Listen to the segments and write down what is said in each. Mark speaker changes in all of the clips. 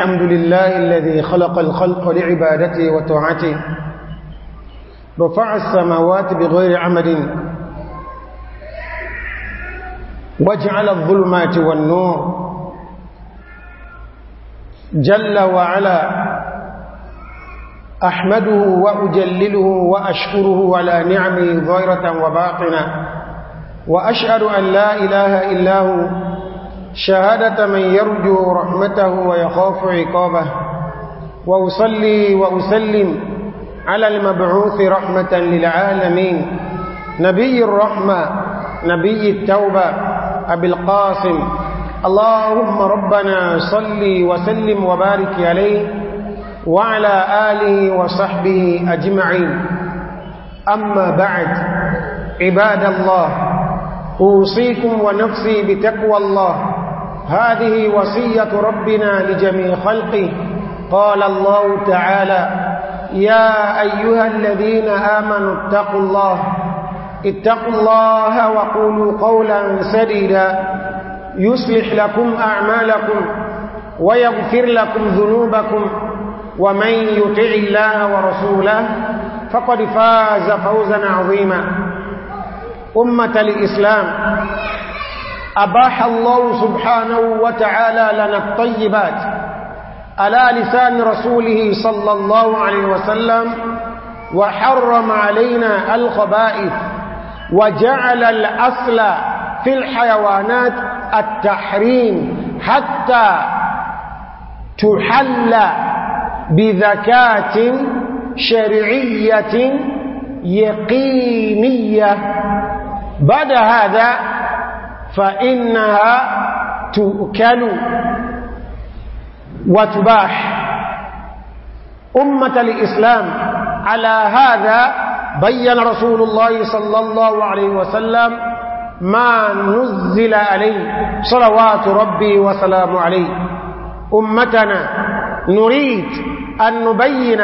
Speaker 1: الحمد لله الذي خلق الخلق لعبادته وطاعته رفع السماوات بغير عمد واجعل الظلمات والنور جل وعلا أحمده وأجلله وأشكره على
Speaker 2: نعمه ظاهرة وباطنة وأشهد أن لا إله إلا هو شهادة من يرجو رحمته ويخاف عقابه وأصلي وأسلم على المبعوث رحمة للعالمين
Speaker 1: نبي الرحمة نبي التوبة أبي القاسم اللهم ربنا صلي وسلم وبارك عليه
Speaker 2: وعلى آله وصحبه أجمعين أما بعد عباد الله أوصيكم ونفسي بتقوى الله هذه وصية ربنا لجميع خلقه قال الله تعالى يا أيها الذين آمنوا اتقوا الله اتقوا الله وقولوا قولا سديدا
Speaker 1: يصلح لكم أعمالكم ويغفر لكم ذنوبكم ومن يطع الله ورسوله فقد فاز فوزا عظيما أمة الإسلام أباح الله سبحانه وتعالى لنا الطيبات على لسان رسوله صلى الله عليه وسلم وحرم علينا الخبائث وجعل الأصل في الحيوانات التحريم حتى تحل بذكاة شرعية
Speaker 2: يقينية
Speaker 1: بعد هذا فإنها تؤكل وتباح أمة الإسلام على هذا بين رسول الله صلى الله عليه وسلم ما نزل عليه صلوات ربي وسلام عليه أمتنا نريد أن نبين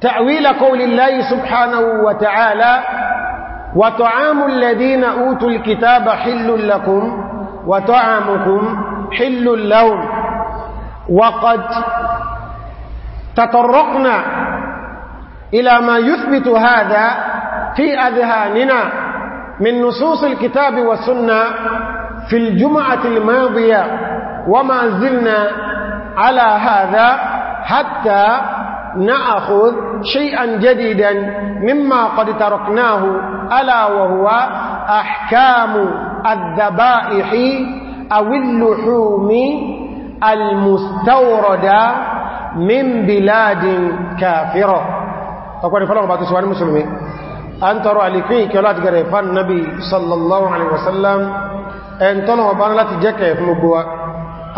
Speaker 1: تأويل قول الله سبحانه وتعالى وطعام الذين أوتوا الكتاب حل لكم وطعامكم حل لهم وقد تطرقنا إلى ما يثبت هذا في أذهاننا من نصوص الكتاب والسنة في الجمعة الماضية وما زلنا على هذا حتى نأخذ شيئا جديدا مما قد تركناه ألا وهو أحكام الذبائح أو اللحوم المستوردة من بلاد كافرة أقول فلان بعد سؤال المسلمين أن ترى لكي كلا تقرأ فالنبي صلى الله عليه وسلم أن تنوى بان لا تجكى في مبوا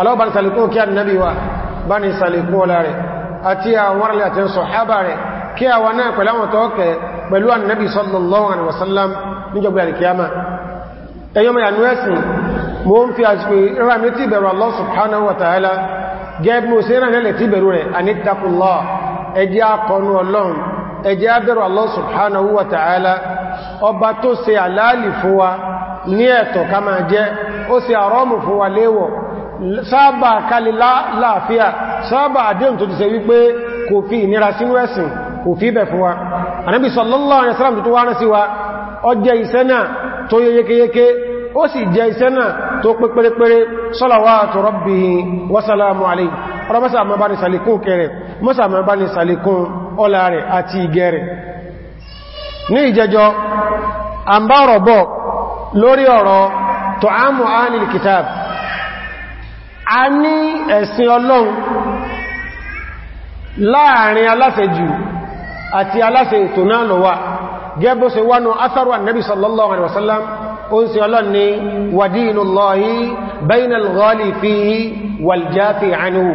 Speaker 1: ألو بان سالكون كيان النبي وان بان سالكون لاري àti àwọn arìnrìn àti sọ̀hábà rẹ̀ kí àwọn náà pẹ̀lú àwọn tọ́ọ̀kẹ́ pẹ̀lú annabi sallallahu alaihi wasallam níjọba alkiyama ẹyọ mọ̀ yàmú ẹ̀sìn mo ń fi àsìkò ìrà mi tí bẹ̀rù Allah subhanahu wa ta'ala gẹ́gbẹ́ mo sí ìrànlẹ̀ tí bẹ̀rù rẹ̀ anittaqullah ẹjẹ́ akọnu sábà kalẹ̀ láàfíà sábà àdéhùn tó ti ṣe wípé kò fi ìnira sínú ẹ̀sìn kò fi bẹ̀ fún wa anábi sallallahu alaihi wasallam tó wá rán sí wa ó jẹ́ iṣẹ́ náà tó yẹ yékéyéké ó sì jẹ́ iṣẹ́ náà tó pé pérépéré salawatu rabbihi wa salamu alayhi ọ̀rọ̀ mọ́sà mọ́ bá ní sàlékún a ní ẹ̀sìn ọlọ́run láàrin aláfẹ́jù àti aláfẹ́ ètò náà lọ wà gẹ́bó se wánú atharu annabi sallallahu alaihi wasallam ó ń se ọlọ́run ni wa dinullahi bainal ghali fihi wal jafi anhu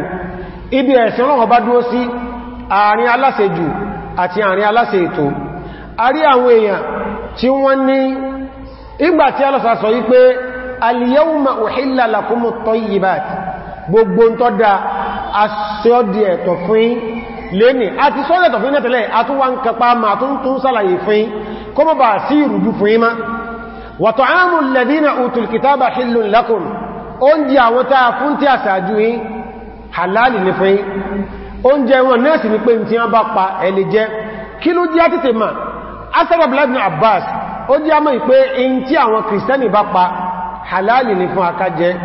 Speaker 1: ibi ẹ̀sìn ọlọ́run bá dúró sí àárín aláṣejù àti àárín aláṣe ètò a rí àwọn èèyàn tí wọ́n ní ìgbà tí alọ́sà sọ wípé al-yawma uhilla lakumut tayyibat gbogbo ń tọ́dá aṣọ́dí ẹ̀tọ̀ fún lẹ́ni àti sọ́dẹ̀ ẹ̀tọ̀ fún nẹ́tẹ̀lẹ̀ àtúwà ń kapa ma tún tún sálàyé fún kó mọ́ bá sí ìrùdú fún ima wa ta'amu alladhina utul kitaba hillun lakum oúnjẹ ó jẹ́ àmọ́ ìpé in tí àwọn kìrìsìtẹ́nì bá pa halali ni fún akájẹ́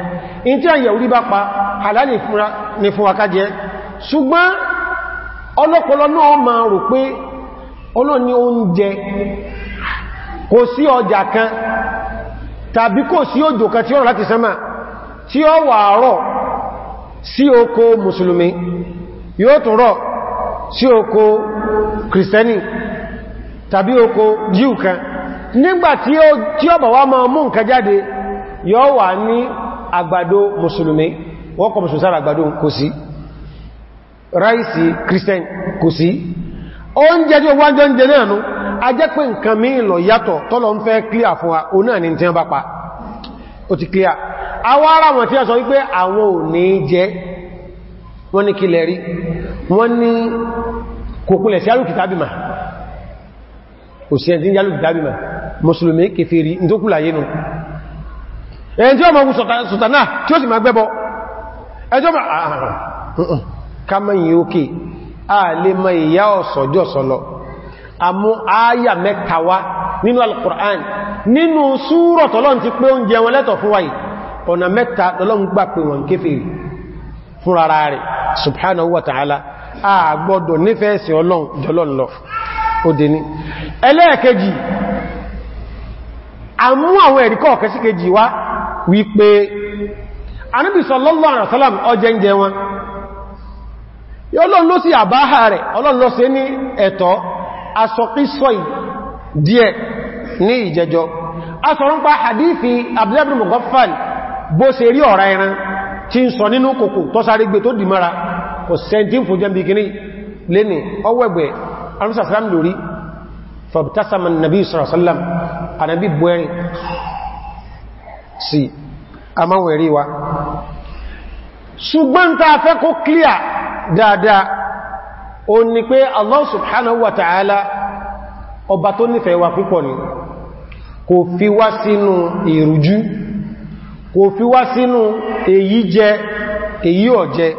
Speaker 1: in tí àyẹ̀ orí bá pa halali ni fún akájẹ́ ṣùgbọ́n ọlọ́pọ̀lọ́ náà ma rò pé ọlọ́ni oúnjẹ kò sí ọjà kan tàbí kò sí òjò kan tí ó rọ̀ láti sánmà tí ó wà rọ̀ sí oko mùsùlùmí yóò tún rọ̀ sí oko kìrìsẹ́nì tàbí oko jíù kan nígbàtí ó bá wá máa mú nǹkan jáde yóò wà ní àgbàdo musulmi wọ́n kọ mùsùlùmí sára àgbàdo kò sí ráìsì christian kò sí oúnjẹ tí wọ́n jọ ń jẹ náà nú a jẹ́ pé nǹkan mí lọ yàtọ̀ tọ́lọ ń fẹ́ clear fún o náà ni tí wọ́n ti clear a sọ wípé àwọn ẹni tí ó mọ̀ sọ̀tànà tí ó sì máa gbẹ́bọ ẹjọ́ ma ààrùn kàmọ̀yìn òkè a lè mọ ìyá ọ̀sọ̀jọ́ sọ̀lọ̀ àmú ayà mẹ́ta nínú al nínú ti pé oúnjẹ wọn lẹ́tọ̀ fún wáyìí ọ̀nà mẹ́ta tọ́lọ́n àmú àwọn wípé anábì sallallahu alaihi wasallam ọjẹ́ǹjẹ wọn ọlọ́run ló sí àbáhà rẹ̀ ọlọ́run ló sí ní ẹ̀tọ́ asọ̀kísọ̀ díẹ̀ ní ìjẹjọ́ asọ̀rún pa hadithi abdullahi mughaffal bó ṣe rí ọ̀rá ẹran tí ń sọ nínú kòkò tó sáré gbé tó dìmára kò sẹ́ntín fún jẹ́ bikini lẹ́ni ọwẹ́gbẹ̀ arúsàsàrám lórí fọ̀bításàmà nàbí sallallahu alaihi sí àmáwọn ẹ̀rí wa ṣùgbọ́n ta fẹ́ kó clear dáadáa o ni pé Allah subhanahu wa ta'ala ọba tó nífẹ̀ẹ́ wa púpọ̀ ni kò fi wá sínú ìrújú kò fi wá sínú èyí jẹ èyí ọ̀jẹ́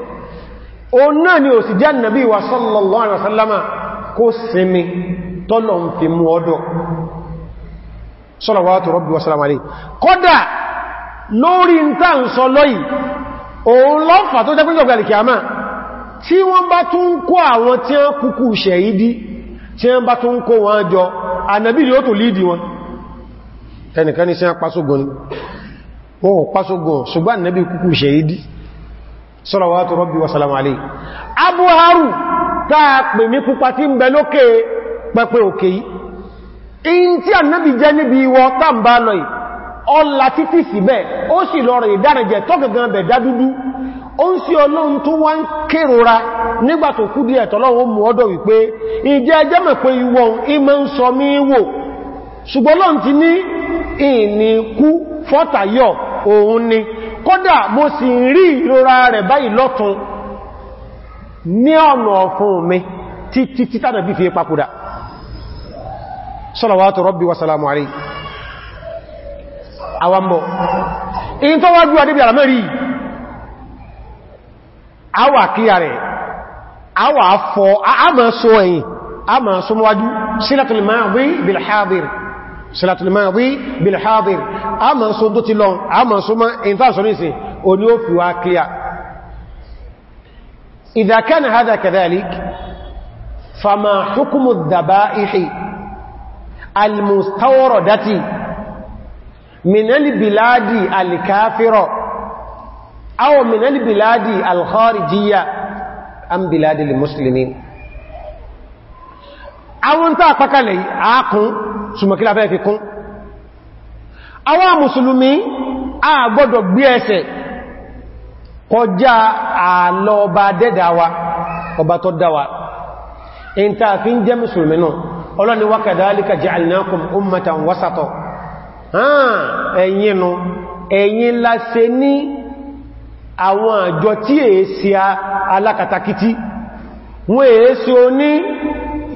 Speaker 1: o náà ni ò sì jẹ́ nàbí wa sallallahu alaihi wasallama kó sinmi tọ́lọ̀ ń fi mú ọdọ̀ salawatu lórí ń tà ń sọ lọ́yìí òun lọ́fà tó jẹ́pínlẹ̀ ọ̀gbẹ̀lì kìámà tí wọ́n bá tún kó àwọn tí wọ́n kúkú ṣẹ̀yìdí tí wọ́n bá tún kó wọn jọ ànàbí yóò tó lídì wọn ẹnìkan ní sí pásógún wọn ò pásógún ṣùgbọ́n ànàbí kúkú ṣẹ̀yìdí salawatu rabbi Abu Haru táa pè mí pupa tí ń bẹ lókè pẹpẹ òkè yìí in tí ànàbí jẹ́ níbi ìwọ tàbá lọ ọlá títí síbẹ̀ ó sì lọ rẹ̀ ìdárẹ̀jẹ̀ tọ́gẹ̀gẹ̀ bẹ̀ dádúdú ó ń sí ọlọ́run tó wá ń kérora nígbà tó kú díẹ̀ tọ́lọ́run mú ọdọ̀ wípé ìjẹ́ ẹjẹ́ mẹ́ pé ìwọ̀ ìmọ̀ ń sọ mí wò ni mo sì rí ní ọ̀nà titi àwọn bọ̀. in tó wá wájú adébí àmẹ́rí àwà kíyà rẹ̀ àwà fọ àmà sọ ẹ̀yìn àmà sọ mọ́wájú sílátùl máàdì bil haadir sílátùl máàdì bil haadir àmà sọ tó ti lọ àmà sọ mọ́ in tó sọ nísìn oní ó fi wá kíyà idha kana hadha kadhalik fama hukmu ad al-mustawradati minali biladi alikafiro awo minali biladi alkharijiya an biladi limuslimi àwọn ta pakalẹ̀ akun sumakila fẹ́ fi kún àwọn musulumi a gbọ́dọ̀ gbé ẹsẹ̀ kọjá àlọ ọba dẹ́dáwa ọba tó dáwa in ta fi ń jẹ́ musulmi náà ọlọ́ni wa kadhalika ja'alnakum ummatan wasata ẹ̀yin nu ẹ̀yin la ṣe ní àwọn àjọ tí èé sí alákatakítí wọ́n èé sí o ní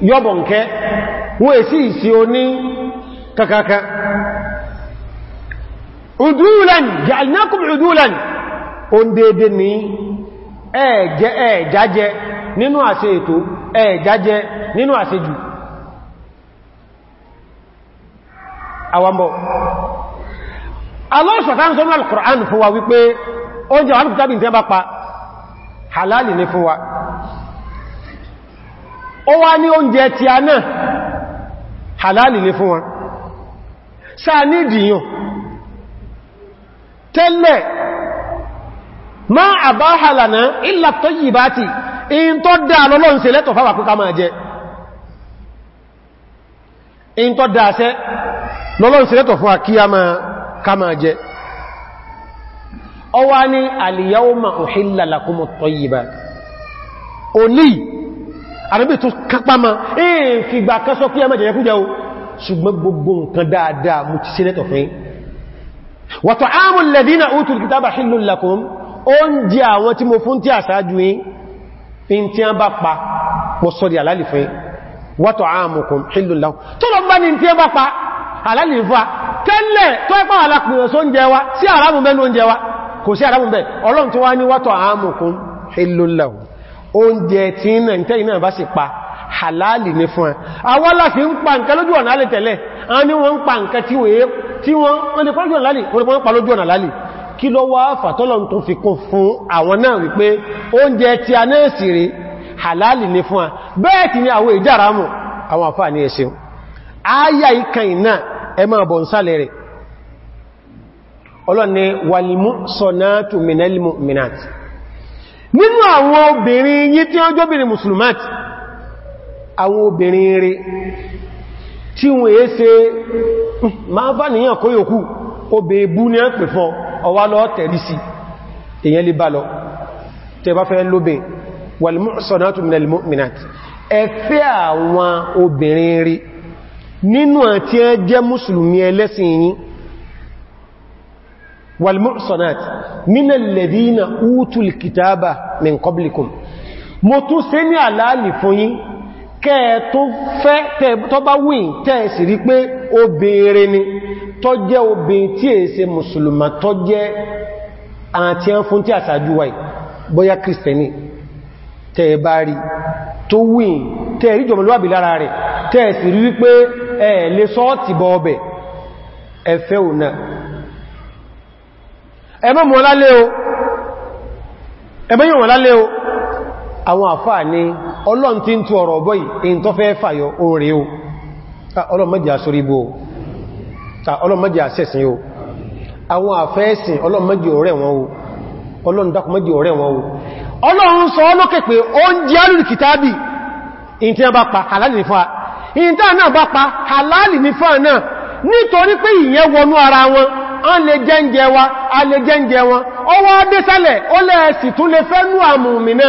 Speaker 1: yọ́bọ̀nkẹ́ wọ́n èé sí ìsí o ní kakaka udulan ja'alnakum udulan o ń dédé ní ẹ̀ẹ̀jájẹ nínú àṣẹ ètò ẹ̀ẹ̀jájẹ nínú àṣẹ jù àwọ̀mbọ̀ alọ́sọ̀tán sọ́nà al-Qur'an fún wa wípé oúnjẹ wà lùtàbí a bá pa halali ní fún wa ó halali ní fún wọn sáà ní ìdíyàn tẹ́lẹ̀ ma àbáhàlànà ìlà tó yìí bá ti in tó dáa lọ́lọ́ se lẹ́tọ̀ fáwà kúkà máa jẹ in tó dáa sẹ́ lọ́lọ́n sí lẹ́tọ̀ fún wa kí a máa jẹ ọwá ní al-yawma uhilla lakumut tayyibat òní àrẹ́bì tó kápá ma èè fìgbà kan sọ kí a máa jẹ kújẹ o ṣùgbọ́n gbogbo nǹkan dáadáa mú ti sí lẹ́tọ̀ fún wa ta'amul ladina utul kitaba tó lọ bá ní tí a bá pa alálìfà tẹ́lẹ̀ tó ẹ́pá alápìnà só ń jẹ wa sí àrámù bẹ́ ló ń jẹ wa kò sí àrámù bẹ́ ọlọ́run tó wá ní wọ́tọ̀ àámùkún hillolaw oúnjẹ tí náà ń halali ní fún ẹ awọ́lá fi ń pa nǹkan lójú ọ̀nà alẹ́ tẹ́lẹ̀ a ní wọ́n ń pa nǹkan tí wọ́n lè pọ́lójú ọ̀nà lálì wọ́n lè pọ́n pa lójú ọ̀nà lálì kí àwọn náà wípé halali ní fún ni àwọn ìjáramù àwọn àfáà ní ẹ̀ṣẹ́ áyà ikẹ̀ iná ẹ máa bọ̀ rẹ̀ ọlọ́ni walimu sọ̀nàtù minalimu minati nínú àwọn obìnrin yí tí wọ́n jóbìnrin musulmati àwọn obìnrin rẹ̀ tí wọ́n èé ṣe hmm, máa bá níyàn kó yòkú obè ebú ní ẹ̀pẹ̀ fún ọwá walimu sọ̀nàtù minalimu minati ẹ fẹ́ àwọn obìnrin rẹ̀ nínú àti ẹ jẹ́ mùsùlùmí ẹlẹ́sìn yìí walmursonat nínà lèdínà útul kìtàbà min qablikum mo tún ṣe ní àlàálì fún yín kẹ́ tó fẹ́ tó bá wìn tẹ́ sì rí pé obìnrin ni tó jẹ́ obìnrin tí è ṣe mùsùlùmá tó jẹ́ àti ẹ fún tí àṣàjú bóyá kìrìsìtẹ́nì tẹ́ bá rí tó wìn tẹ́ẹ̀rí jọmọlúwàbí lára rẹ̀ tẹ́ẹ̀sì rí wípé ẹ̀ lè sọ́ọ̀tì bọ ọbẹ̀ ẹ̀fẹ́ òun ẹ̀mọ́ mọ́ lálé o ẹ̀mọ́ yíò lálé àwọn àfáà ni ọlọ́n tí ń tú ọ̀rọ̀ ọ̀bọ̀ yìí èyí tó fẹ́ fàyọ o ọlọ́run sọ ọlọ́kẹ̀ pé ó ń jẹ́ alìrì kìtàbì in tí a bá pa halali ní in tí a náà bá pa halali ní ara wọn a lè jẹ́ǹjẹ wa a lè wọn ọwọ́ adésálẹ̀ ó lẹ́ẹ̀sì tún lè fẹ́nú àmùmìnà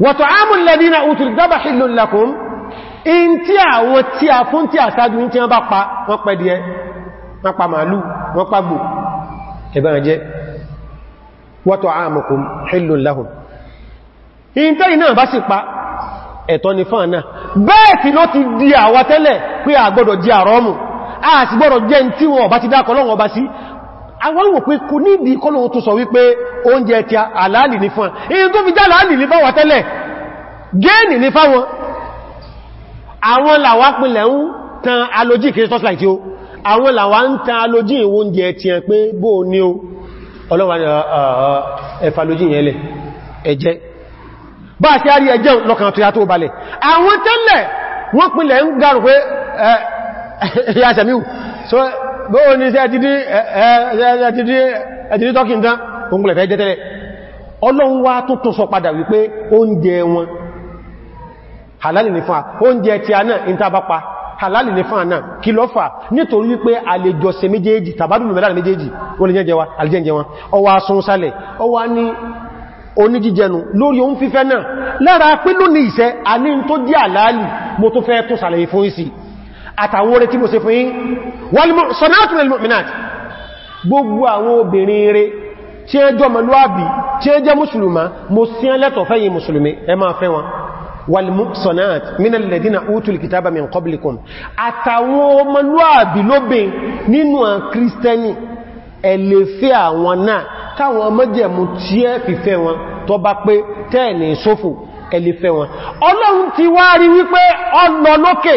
Speaker 1: wàtọ̀ámù lẹ́dínà òtù dábà hìlò lakum in tí àwọn tí a fún tí a sáájú ní tí wọ́n bá pa wọ́n pẹ́ díẹ̀ wọ́n pa màálù wọ́n pa gbò ẹ̀bẹ̀rẹ̀ jẹ́ wàtọ̀ámùkum hìlò lahum in tẹ́ iná àwọn wò pé kò nídi kọ́lọ̀ tó sọ wípé oúnjẹ ti àlàálì ní fún ẹ̀yìn tó fi já àlàálì ní fáwọn tẹ́lẹ̀ gẹ́ẹ̀nì ní fáwọn àwọn làwá pínlẹ̀ ń tan alójí kìí tọ́sílá ìtí o àwọn làwá ń tan alójí oúnjẹ ti ẹ̀ pé bó ní o ọlọ́wà ní ah, ah, ah, ẹfà lójí yẹn lẹ̀ ẹjẹ́ bá a ṣe á bóò ní sí ẹ̀tìdí tọ́kì tán tó ń gbọ́lẹ̀ fẹ́ jẹ́tẹ́lẹ̀ ọlọ́run wá tó tún sọ padà wípé oúnjẹ wọn halali ní fún oúnjẹ tí a náà ìntàbápa halali ní fún àná kí ló fà nítorí wípé àlejò ṣe méjèèjì tàbádùn mẹ́lára méjèèjì wọ́n lè jẹ́ wa àlejẹ́ wọn ọwọ́ asun sálẹ̀ ọwọ́ ní oníjíjẹnu lórí oún fífẹ́ náà lára pínlú ní ìṣẹ́ a ní tó jẹ́ àlàálì mo tó fẹ́ tó sàlẹ̀ ìfún ìsìn àtàwórẹ tí mo ṣe fún yín sọ̀nàtún ilmọ̀mìnàt gbogbo àwọn obìnrin rẹ̀ tí ẹ jọ mọ̀lúàbí tí ẹ jẹ́ mùsùlùmá mo sí ẹ lẹ́tọ̀ fẹ́yìn mùsùlùmí ẹ máa fẹ́ wọn walmuksonat min alladina utul kitaba min qablikum àtàwọn mọ̀lúàbí lóbìn nínú àwọn kírísítẹ́nì ẹ lè fẹ́ àwọn náà káwọn mọ́jẹ̀mú tí ẹ fi fẹ́ wọn tó bá pé tẹ́ẹ̀ ní sófò ẹ wọn ọlọ́run ti wá rí wípé ọlọ́lókè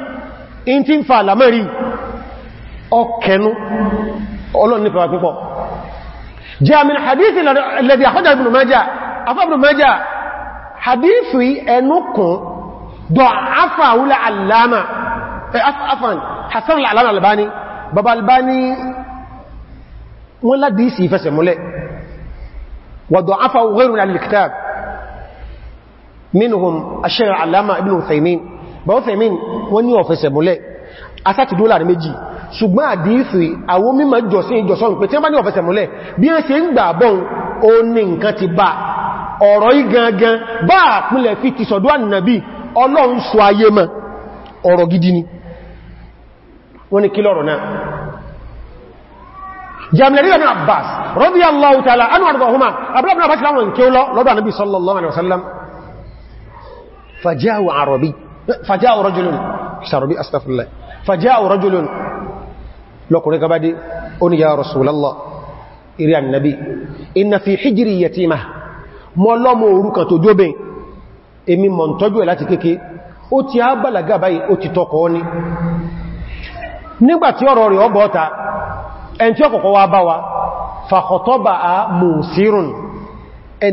Speaker 1: in ti ń fa àlàmẹ́rí ọkẹnu ọlọ́ni nífẹ̀ẹ́ wa púpọ̀ jẹ́ àmì hadithi lẹ́bí àkọ́jà ibùn mẹ́já afọ́bùn mẹ́já hadithi ẹnu kún dọ̀ afáwúlẹ̀ alama afán hasan alama albani baba albani wọ́n ládìí sí ìfẹsẹ̀ múlẹ̀ wàdọ̀ afáwúlẹ̀ alkitab minhum ash-shaykh alama ibn Uthaymin bọ́fẹ̀mín wọ́n ní ọ̀fẹ́sẹ̀ múlẹ̀ asáti dólà ní méjì ṣùgbọ́n àdíìsì àwọn mímọ̀ jọsí ìjọsọ́n pé tí wọ́n bá ní ọ̀fẹ́sẹ̀ múlẹ̀ bí i ṣe ń gbà bọ́n o ní nǹkan ti bá ọ̀rọ̀ igangan bá àpínlẹ̀ fi ti sọ̀dọ́ ànìyànbí ọlọ́run sọ ayé mọ́ ọ̀rọ̀ gidi ni wọ́n ni kí lọ́rọ̀ náà jamilari ibn abbas radiyallahu ta'ala anhu arḍahuma abdullahi ibn abbas lawon ke lo lọ́dọ̀ anabi sallallahu alaihi wasallam fajahu arabi فجاء رجل سربي أستغفر الله فجاء رجل لقرك بدي أن يا رسول الله إريا النبي إن في حجري يتيمة mọ́lọ́mọ̀ orúkan tó jóbe èmi mọ̀ ń tọ́jú ẹ̀ láti kéèké ó ti á bàlágà báyìí ó ti tọkọ̀ ọ́ ní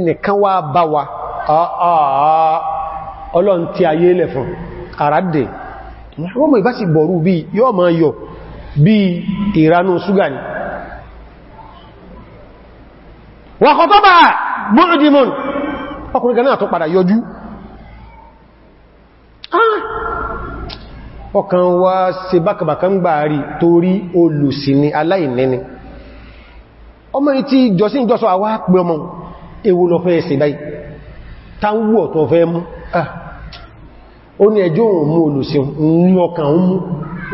Speaker 1: nígbàtí ọlọ́n tí ayé lẹ̀ fún àrádẹ̀ wọ́n mọ̀ ìbá sì bọ̀rú bí yọ́ ma yọ bí ìranú ṣúgà ni wà kọ̀tọ́ bá mọ́rìdìmọ̀n ọkùnrin gan náà tó padà yọjú ah! ọkàn wa ṣe bákàbàkà ń gbà rí torí olùsì aláìnẹni ọmọ ìtí ìjọsí ìjọsọ àwá pẹ ọmọ ewu lọ fẹ́ ẹ̀sẹ̀ báyìí táwọn wọ́ tó fẹ́ mú Ah. ó ní ẹjọ́ òun mú olùsìn ní ọkàn mú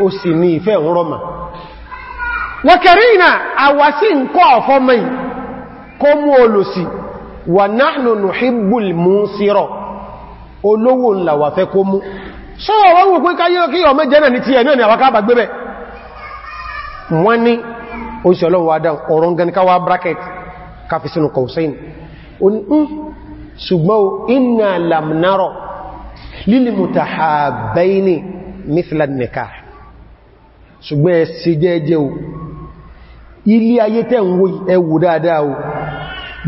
Speaker 1: ó sì ní ìfẹ́ òun rọ́mà wọ́kẹ̀rí ìnà àwàsí nǹkọ́ ọ̀fọ́mọ́ kó mú olùsì wà nahnu nuhibbul munsira olówó ńlá wà fẹ́ kó mú sọ́wọ́ ni ṣùgbọ́n iná lamnarọ̀ lílìmùta ha bẹ́ẹ̀ ni mithlan nikah ṣùgbọ́n ẹ sì jẹ́jẹ́ o ilé ayé tẹ́ ń wo ẹwù dáadáa o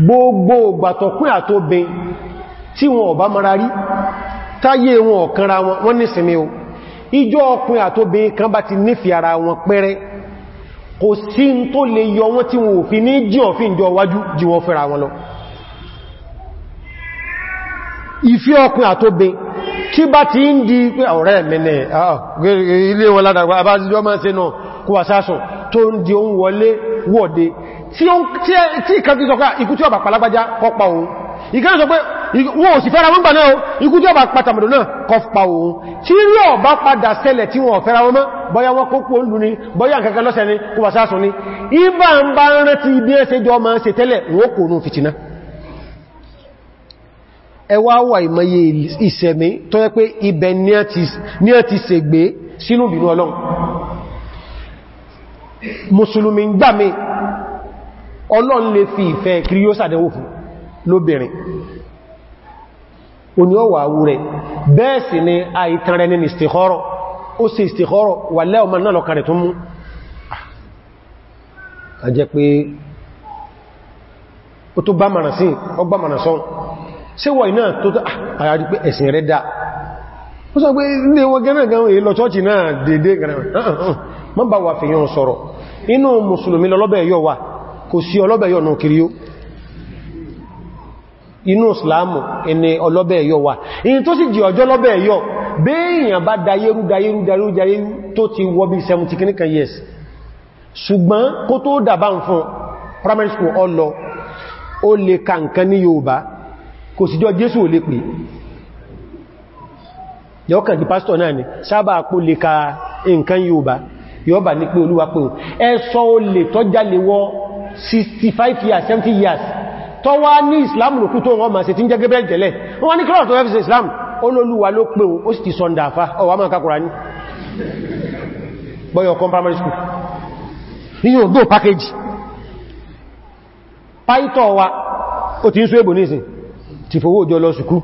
Speaker 1: gbogbo gbàtọ̀kún àtóbin tí wọn ọ̀bá mara rí táyé wọn ọ̀kanra wọn nísinmi o ìjọ ọkùn àtóbin kan bá ti nífẹ̀ẹ́ ara wọn pẹ́rẹ́ kò sí tó lè yọ wọn tí wọn òfin ní jí ọ̀fin wájú jí wọn fẹ́ra wọn lọ ìfẹ́ ọkùn àtóbin tí bá ti ń di pé ah, ọ̀rẹ́ mẹ́nẹ̀ ah, ilé wọn ládàgbà abájíjọ́ máa ṣe náà kó wà sáàsùn tó ń di oún wọlé wọ́de tí ìkan tí sọpá ah, ikú tí ọba pàlágbájá kọpa òun ìkan sọ pé wọ́n ò sì fẹ́ra wọn gbà náà ikú tí ọba pàtàmàdò náà kọpa òun tí rí ọba padà ṣẹlẹ̀ tí wọ́n fẹ́ra wọn mọ́ bọ́yá wọ́n kó pọ̀ ń bọ́yá nǹkankan lọ́sẹ̀ ni kó wà sáàsùn ni ibà ń bá ń rántí ibi ẹsẹjọ́ máa ń ṣe tẹ́lẹ̀ wọ́n kò nù fìtìná ẹwà wà ìmọ̀ye ìṣẹ̀mí tó yẹ pé ibẹ̀ ní ẹ̀ ti ṣègbé sínú ìbínú ọlọ́run mùsùlùmí gbà mí ọlọ́run lè fi ìfẹ́ kiri yóò sàdẹ̀wò fún lóbìnrin oní ọwà awú rẹ̀ bẹ́ẹ̀ sì ni àìtàn rẹ̀ ní ìstìkọ́rọ̀ ó sì ìstìkọ́rọ̀ wà lẹ́ ọmọ náà ṣe wọ iná tó tó ah, àyàrí pé ẹ̀sìn rẹ̀ dá ó sọ pé ilé wọn gẹ́nà gan èlò chọ́ọ̀chì náà dédé gẹ̀rẹ̀ ah, ah, mọ́ bá wà fèyàn sọ̀rọ̀ inú mùsùlùmí lọ́lọ́bẹ̀ yọ wà kò sí ọlọ́bẹ̀ yọ nù kiri inú islamu ẹni ọlọ́bẹ̀ yọ wà in tó sì jì ọjọ́ lọ́bẹ̀ yọ béèyàn bá dayérú dayérú dayérú dayérú tó ti wọ́ bí kò sí jọ Jésù ò lè pè yọ́kàn di pásítọ̀ náà ni sábà kó lè ka nǹkan yóò bá yọ́ bà ní pé olúwa pé o ẹsọ o lè tọ́já wọ 65 years 70 years tọ́ wá ní Islam lòkú tó wọ́n ma ṣe tí ń jẹ́ gẹ́gẹ́ tẹ́lẹ̀ wọ́n ní kílọ̀ tó fẹ́ fi Islam olóluwa ló pé o ó sì ti sọ́ndà àfá ọwà máa kakùrà ní bọ́yọ̀ kan package pàítọ̀ wa ó ti ń sọ ti fowó òjò lọ sùkú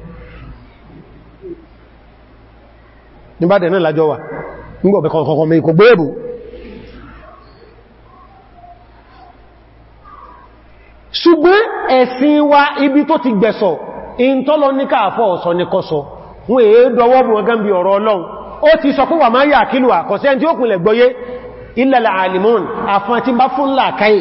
Speaker 1: níbàdẹ̀ náà lájọ́ wà nígbọ̀bẹ̀ kọ̀ọ̀kọ̀ mẹ́ kò gbéèbù ṣùgbọ́n ẹ̀sìn wa ibi tó ti gbẹ̀sọ̀ in tọ́lọ ní káàfọ́ ọ̀sọ̀ ní kọsọ wọ́n èé dọwọ́ bù wọ́n gẹ́m̀bí ọ̀rọ̀ ọlọ́run ó ti sọ pé wà máa yà kílù àkọsẹ́ tí ó kùnlẹ̀ gbọ́yé ilẹ̀ àlìmọ́n àfọn tí bá fún làkáyì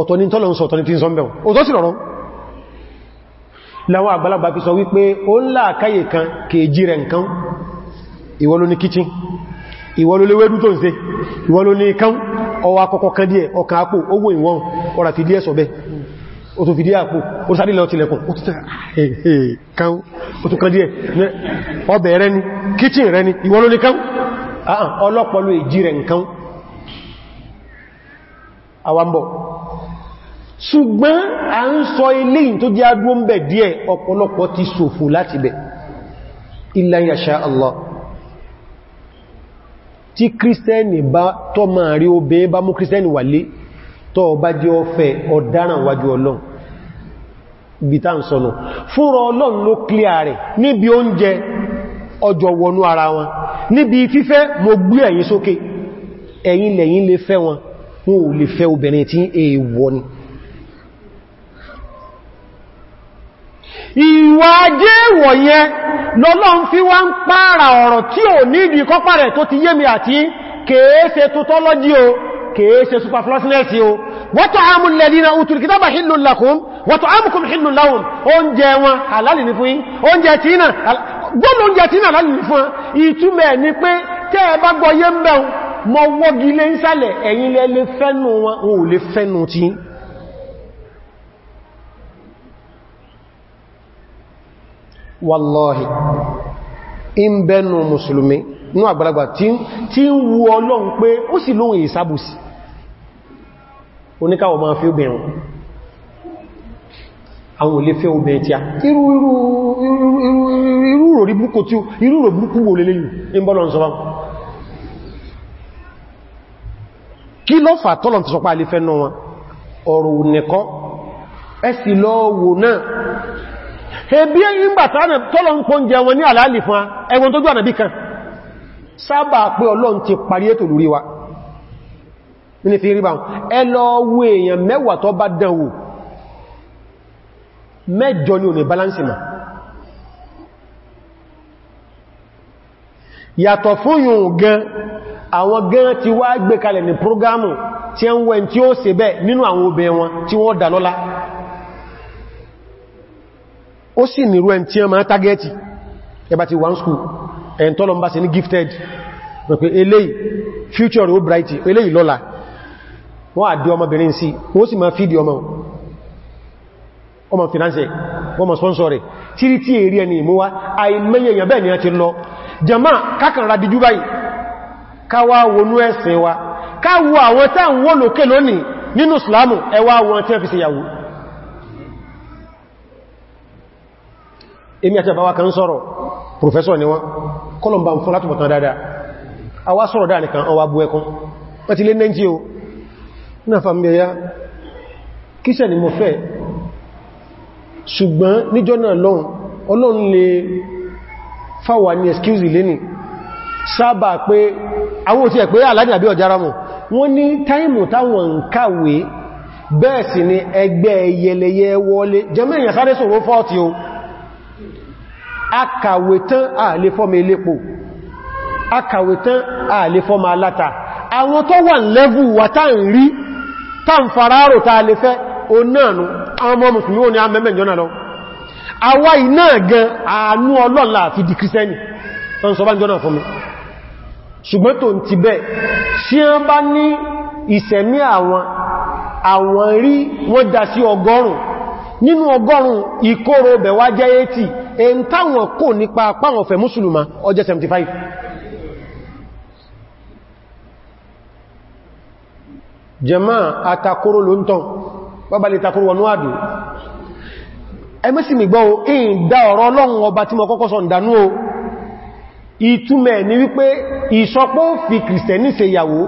Speaker 1: ọ̀tọ̀ ni tọ́lọ̀ ń sọ ọ̀tọ̀ ni tí ń sọ mẹ́wọ̀n o tọ́ sí rọrùn láwọn àgbàlagbà fi sọ wípé o ń láàkáyè kan kèèjì rẹ̀ nǹkan ní léwédú tó ń ní kan ọwọ́ akọ́kọ́ kan díẹ̀ ọkàn àpò owó ìwọ̀n ọ̀rà fi díẹ̀ sọ̀bẹ́ ó tó fi díẹ̀ àpò ó sáré lọ tilẹ̀kùn ah, eh, eh, rẹ ni rẹ ni ní ah, ah, èjì rẹ̀ nǹkan ṣùgbọ́n a ń sọ ilé yìí tó jẹ́ adúó ń bẹ̀ díẹ̀ ọ̀pọ̀lọpọ̀ ti ṣòfò láti bẹ̀ illa yasha Allah tí kírísítẹ́nì bá tọ́ máa rí obẹ bá mú kírísítẹ́nì wálé tọ́ bá jẹ́ ọfẹ́ ọ̀daràn wájú ọlọ́run bìtá ń sọnù fúnra ọlọ́run ló kílíà rẹ̀ níbi oúnjẹ mo gbé ẹ̀yin sókè ẹ̀yin lẹ̀yin lè fẹ́ wọn wọn ò lè fẹ́ obìnrin tí èèwọ̀ ni ìwà ajé wọ̀nyẹn lọ́lọ́n fi wá ń pààrà ọ̀rọ̀ tí ò ní ìdí kọ́pà rẹ̀ tó ti yémi àti kèése tutọ́lọ́jí o kèése superfluousness o wọ́tọ̀ amúlẹ̀lẹ́lẹ́lẹ́ utul kitaba hillun lakum wọ́tọ̀ amúkùn hillun lahum oúnjẹ wọn halal ni fún yín oúnjẹ tínà gbọ́nà oúnjẹ tínà halal ni fún ìtumẹ̀ ni pé tẹ́ ẹ bá wallahi in benu musulmi nu agbalagba ti ti wu olohun pe o si lohun isabusi onika o ma fi obirun awon le fe obirun ti a
Speaker 2: iru iru iru iru iru
Speaker 1: ori buku ti iru ori buku wo lele yu in bo lohun so ba ki lo fa tolon ti so pa le fe nu wa lo wo na ẹbí ìgbàtánà tọ́lọ ń pọ́ jẹ wọn ní àlàálì fún ẹwọ́n tó gbànà bí kan sábà pé ọlọ́run ti parí ètò lórí wa ní fi ríbà ẹlọ́wọ́ èèyàn mẹ́wàá tó bá dánwò mẹ́jọ ni ò ní balansi náà yàtọ̀ fún yùn gan àwọn gan ti wá gbé kalẹ̀ ní prógámù tí ẹ ń wẹ́n tí ó ṣe bẹ́ẹ̀ nínú àwọn ó sì nìrú ẹn tí wọ́n máa tágẹ́ẹ̀tì ẹba ti one school ẹn tọ́lọ bá sí ní gifted pẹ̀pẹ̀ eléyìí future ó bright eléyìí lọ́la wọ́n àdí ọmọbìnrin sí wọ́n sì máa feed ọmọ ọmọ finance wọ́n mọ̀ sponsor rẹ̀ tí rí tí èrí ẹni ìmúwá àìmẹ́yẹ èèyàn bẹ́ẹ̀ ni a ti lọ jama kákànrà díjú báyìí káwà wọnú ẹ̀sìn wa káwọ àwọn táà ń èmi àti àbáwá kan sọ̀rọ̀ professor ni wọ́n kọlọmbà fún látùbọ̀tán dáadáa a wá sọ̀rọ̀ dáa nìkan ọwá bú ẹkún wọ́n ti lé nẹ́jí o náà fàmìyà kíṣẹ̀ ni mo fẹ́ ṣùgbọ́n níjọ́ náà lọ́n ọlọ́n lè fàwà ní excuse lẹ́ni sábà pé àwọn òtí ẹ̀ ni ẹgbẹ́ yẹlẹyẹ wọlé jẹ́mẹ́yàn sáré sọ̀rọ̀ fọ́ọ̀tí o akàwé tán àlè fọ́mọ elépo akàwé tán àlè fọ́mọ aláta àwọn tó wà lẹ́vù wà tá ń rí tá ń farárò tá lè fẹ́ o náà nù àwọn ọmọ mùsùlùmí ò ní amẹ́mẹ́ jọna lọ àwa iná gan àánú ọlọ́lá àfi di kìrìsẹ́nì tó ń sọ bá ń jọna fún mi ṣùgbọ́n tó ń ti bẹ́ tí wọ́n bá ní ìsẹ̀mí àwọn àwọn rí wọ́n dá sí ọgọ́rùn nínú ọgọ́rùn ìkóró bẹ̀wá jẹ́ 80 èyí táwọn kò nípa páwọn fẹ̀ mùsùlùmá ọjẹ́ 75 jẹma àtakóró ló ń tán bábá lè wọnú àdù ẹmẹ́sì mìgbọ́ èyí dá ọ̀rọ̀ ọlọ́run ọba tí mọ kọ́kọ́ sọ o ìtumẹ̀ ni wípé ìṣọpọ̀ fi kìrìsìtẹ̀ní ṣe ìyàwó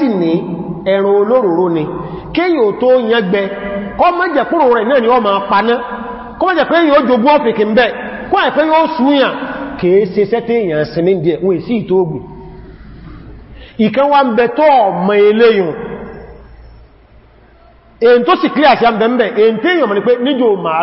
Speaker 1: ni ní ni kọ́mọ̀jẹ̀ pé yóò jogún ọ́fìkì ń bẹ́ kọ́mọ̀ pé yóò súnyàn kìí ṣe sẹ́tẹ̀ èèyàn sinmi díẹ̀ wọ́n èsì ìtóògùn ìkan wá ń bẹ tọ́ ọmọ eléyìn èyí tó sì kílẹ̀ àti àbẹ̀mẹ̀ èyàn mọ̀ ní pé níjò máa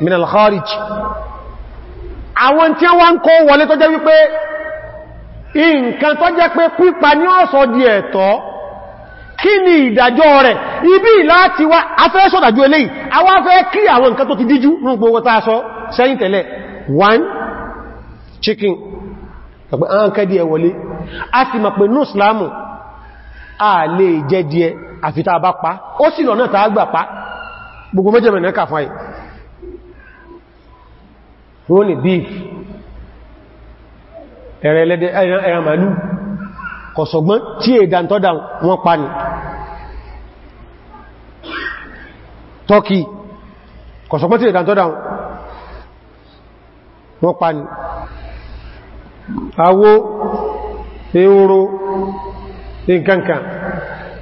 Speaker 1: min al-kharij àwọn tí wọ́n kó wọlé tó jẹ́ wípé nǹkan tó jẹ́ pé pípa ní ọ̀sọ̀ di ẹ̀tọ́ kí ni ìdájọ́ rẹ̀ ibi láti wá afẹ́ sọ́dájú eléyìí àwọn afẹ́ kí àwọn nǹkan tó ti díjú rún gbogbo tá a sọ sẹ́yìn tẹ̀lẹ̀ one chicken pẹ̀pẹ̀ àǹkẹ́ díẹ̀ wọlé a sì mọ̀ pé ní islamu a lè jẹ díẹ̀ àfità bá pa ó sì lọ́nà tàà gbà pa gbogbo méjèmẹ̀ náà kàfà yìí wọ́n ni beef ẹ̀rẹ̀ ẹlẹ́dẹ̀ ẹran màálù kọ̀sọ̀gbọ́n tí èdà tọ́dà wọn pa ní turkey kọ̀sọ̀gbọ́n tí èdà tọ́dà wọn pa ní awó ehoro nǹkankan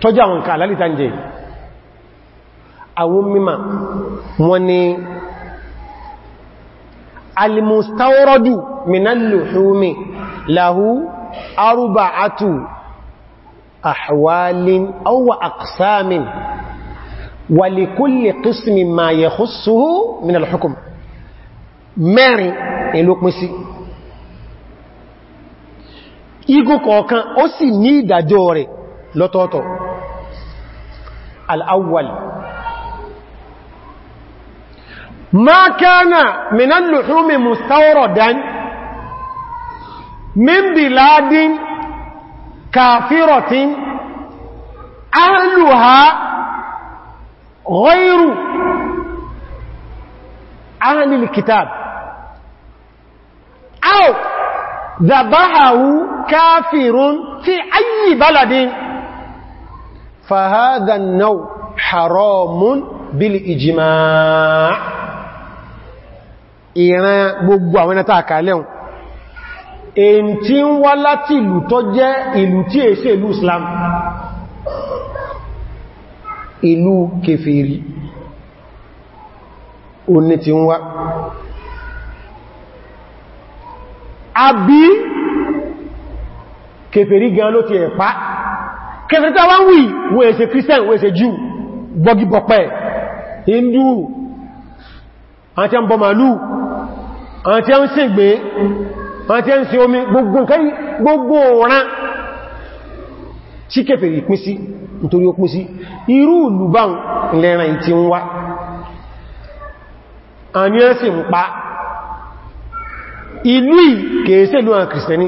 Speaker 1: tọ́jà wọn ká alálìta ń jẹ àwọn wọn ni alìmùstáwọ́rọ́dù minallu húmi lahu arúbàátù àhwálin auwa aksamin walikulli qismi ma yakhussuhu minal hukum mẹ́rin ìlú pín sí igun kọ̀ọ̀kan ó sì ní ìdàjọ́ rẹ̀ lọ́tọ̀ọ̀tọ̀ al'awwal ما كان من اللحوم مستوردا من بلاد كافرة أهلها غير أهل الكتاب أو ذبحه كافر في أي بلد فهذا النوع حرام بالإجماع ìran gbogbo àwọn ẹnata àkàlẹ́un èyí tí ń wá láti ìlú tó jẹ́ ìlú tí è sí ìlú Islam ìlú kèfèrí òní ti ń wá àbí kèfèrí gan ló ti ẹ̀pá kèfèrí tó wá ń wí wọ́n èsè Christian wọ́n èsè Jew gbọ́gibọ̀pẹ̀ Hindu àti àmbọ̀màlú àwọn tí a ń sìn gbé àwọn tí a ń sin omi gbogbo nǹkan gbogbo ọ̀rán tí kèfèrí pín sí nítorí ó pín sí irú ìlúbáhùn lẹ́ran ìtí ń wá àní ẹ́ sì ń pa ìlú kèése ìlú àwọn kìrìsìtẹ́ní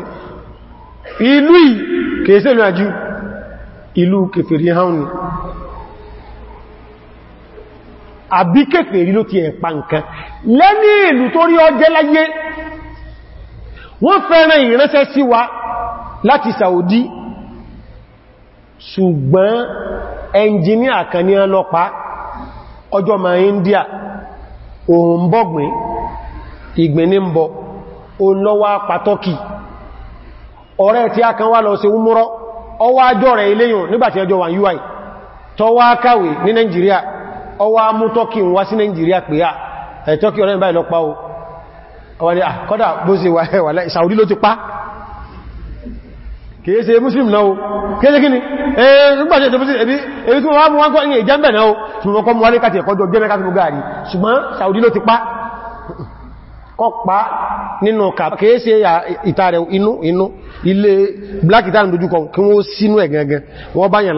Speaker 1: ìlú kèése ìlú àjú ìlú kèfèrí hàn ni àbí kèfèrí ló ti ẹ̀pa nǹkan lẹ́ní ìlú tó rí ọjẹ́ láyé wọ́n fẹ́ràn ìránṣẹ́ sí wa láti Saudi ṣùgbọ́n ẹnjìníà kan ní ọlọ́pá ọjọ́ ma India òun bọ́gbìn ìgbìn ní mbọ̀ òun lọ́wọ́ pàtọ́kì ọ̀rẹ́ tí a kan wá lọ sí umúrọ́ ọwọ́ ajọ́ rẹ̀ iléyùn nígbàtí ọjọ́ wà UI e, tọwọ́ kàwé ní Nigeria ọwá mú tọ́kì wá sí Nàìjíríà pé à ah, ẹ̀tọ́kì ọ̀rẹ́ ìbáyìí lọ́pá o ọwá ni àkọ́dà ah, bó sì wà ẹ̀wà Saudi ló ti pa kìí ṣe muslim náà o kìí ṣe kíni ẹgbàṣẹ́ tó muslim ẹbí tí wọ́n wá mú wọ́n kọ́ ìyẹn ìjẹ́mbẹ̀ náà o ṣùgbọ́n kọ́ mú Saudi ló ti kọpa nínú kàkéèsè ìta rẹ̀ inú inú ilé black itan dojúkọ kí wọ́n sínú ẹ̀ gangan wọ́n bá yàn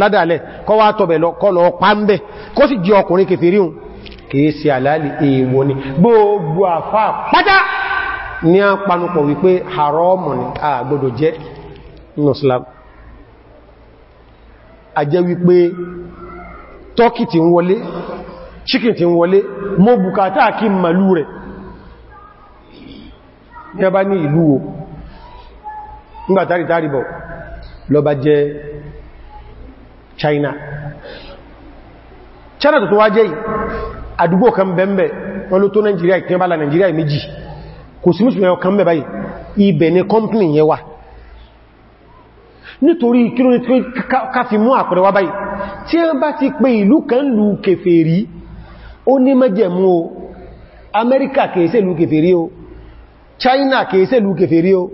Speaker 1: ládàlẹ̀ kọ́ wá tọ̀bẹ̀ lọ kọ́ lọ pàmbẹ̀ kó sì jẹ ọkùnrin kèfèrí hùn kèèsè àlàálì èèwọ̀ ni gbogbo àfá pátá ní a panupọ̀ wípé haramu ni a gbọdọ̀ chicken ti mo bùkátà kí màlú ní a bá ní ìlú wo nígbà tàrí tàrí bọ̀ lọ bá China China tó tó wá jẹ́ àdúgbò kan bẹ̀m̀bẹ̀ wọn ló tó Nigeria ìpín bá la Nigeria méjì kò sí mùsùlùmí ọkàn mẹ́ báyìí ibẹ̀ ni company yẹn Nitori nítorí kíló ní ká fi mú àpẹẹrẹ wá báyìí tí wọ́n bá ti pé ìlú kan lù keferi ó ní mẹ́jẹ̀mú o Amẹ́ríkà kèèsè lù kèfèrí o China kèése lù kèfèrí o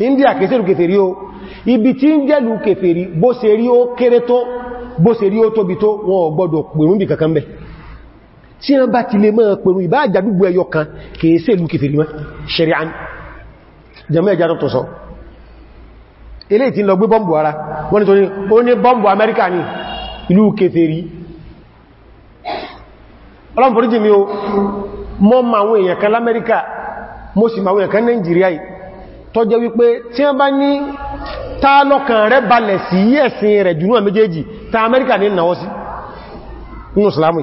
Speaker 1: India kèése lù kèfèrí o ibi tí ń jẹ́ lù kèfèrí bó ṣe rí ó kéré tó bó ṣe rí ó tóbi tó wọn ò gbọdọ̀ pèrún bí kankan bẹ̀ tí wọ́n bá ti lè mọ́ pèrún ìbá àjàdúgbò ẹyọ kan kèése lù kèfèrí mọ́ ṣẹ̀rí'án jẹ́mọ́ ẹja tó sọ ilé ìtí lọ gbé bọ́m̀bù ara wọ́n ni tó ní ó ní bọ́m̀bù Amẹ́ríkà ní ìlú kèfèrí ọlọ́m̀fòríjì mi ó mọ́ ma àwọn èèyàn kan l'Amẹ́ríkà mo sì máa wọ́n kan Nàìjíríà yìí tó jẹ́ wípé tí wọ́n bá ní tálọ́kàn rẹ̀ balẹ̀ sí ẹ̀sìn rẹ̀ jùnú àmẹ́jẹ́jì ta Amẹ́ríkà ní ìnáwọ́ sí nínú Islamu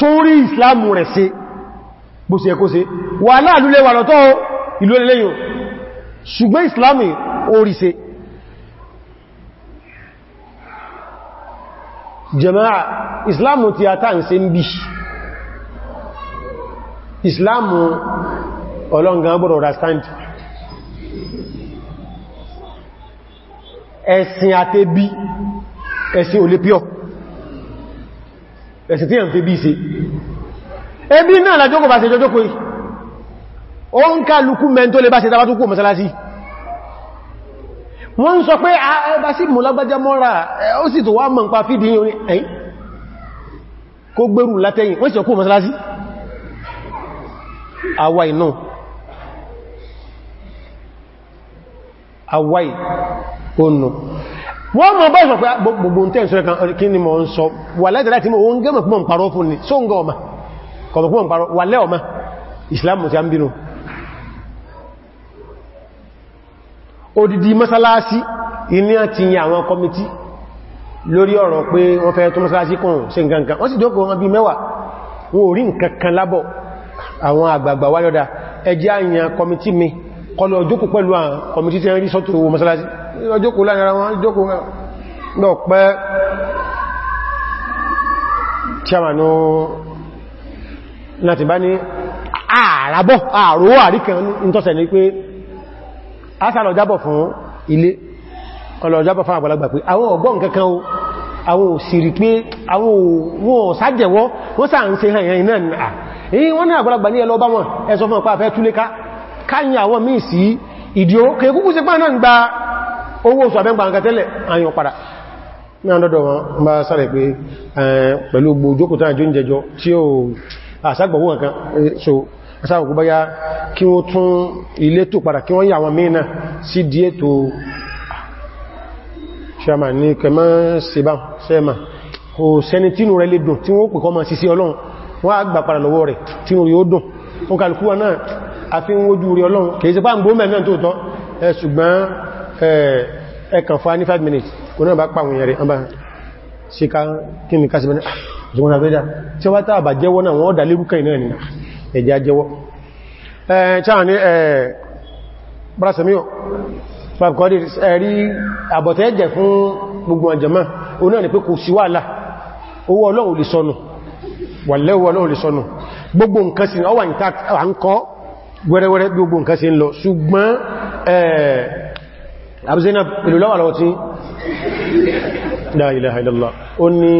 Speaker 1: tó rí Islamu rẹ̀ sí bó sì ẹkó sí wà láàlúlẹ̀ wà lọ́tọ́ ìlú ẹlẹ́yìn ṣùgbọ́n Islamu orí sí jama'a islamu ti ata n se n bí islamu ọlọ́ngan gbọ́dọ̀ understand ẹ̀sìn àti bí ẹ̀sìn olè píọ̀ ẹ̀sìn tí ẹ̀ ń fi bí ṣe ẹbí náà lájókò bá ṣe jọjọ́kò yìí ó ń ká lukú mẹ́ntó lè bá ṣe tàbátúkù mọ́sálásí wọ́n sọ pé ẹbá ah, eh, sí mọ́lágbájá mọ́ra eh, ó sì tó wá mọ̀ pa fídí yìí ẹ̀yìn kó gbérù látẹ́yìn wọ́n sì ọkú mọ́sálásí àwáì náà àwáì ònà wọ́n mọ̀ bá ìsọ̀ pé ah, gbogbo ń tẹ́ǹsọ́ kí ni mọ̀ ń sọ ni odidi mọ́sálásí ilé àti ìyà àwọn kọmití lórí ọ̀rọ̀ pé wọ́n fẹ́ tó mọ́sálásí kùn ṣe nǹkankan wọ́n sì dókò wọn bí mẹ́wàá wọn ò rí nǹkankan lábọ̀ àwọn àgbààgbà wáyọ́dá ẹjẹ́ àyàn kọmití mi kọlọ jókòó pẹ̀lú àwọn kọmití tí soto masalasi mọ́sálásí jókòó láàrin ara wọn jókòó náà pẹ́ chairmanu láti bá ní àràbọ̀ àrò àríkẹ̀ ń tọ́sẹ̀ ní pé asàlọ̀ jábọ̀ fún ilé ọlọ̀jábọ̀ fún àgbàlagbà pé àwọn ọgbọ́n kankan o àwọn òsìrì pé àwọn òwò sájẹ̀wọ́ wọ́n sáà ń ṣe hàn yẹn náà nà èyí wọ́n ní àgbàlagbà ní ẹlọ bá wọn ẹsọ fún àpáfẹ́ túléká káyìn àwọn míì sí ìdí ó kẹ kúkú sí pá náà sáàkù báyá kí wọ́n tún ilé tó padà kí wọ́n yà wọn mìíná sí díẹ̀ tó ṣẹ́mà ní kẹmọ́ sẹ́bà sẹ́mà kò sẹ́ni tínú rẹ̀ lè dùn tí wọ́n pè kọmọ sí sí ọlọ́run wọ́n àgbà padà lọ́wọ́ rẹ̀ tínú rí ó dùn ó kàlùkú wọn náà a fi ń wojú rí ọlọ́run kìí sí pàǹgbó ẹjá jẹ́wọ́ ṣáàní brasamio fàbkọ́dì ẹ̀rí àbọ̀tẹ́ẹ̀jẹ̀ fún gbogbo àjẹ̀má o náà ni pé kò sí wàhálà owó ọlọ́run lè sọnù wàlẹ́wọ́ ọlọ́run lè sọnù gbogbo nǹkan sí ọwà ìtàkọ́ wẹ́rẹ́wẹ́rẹ́ gbogbo nǹkan sí ń lọ lọ́wọ́ tí la ilaha illallah ó ní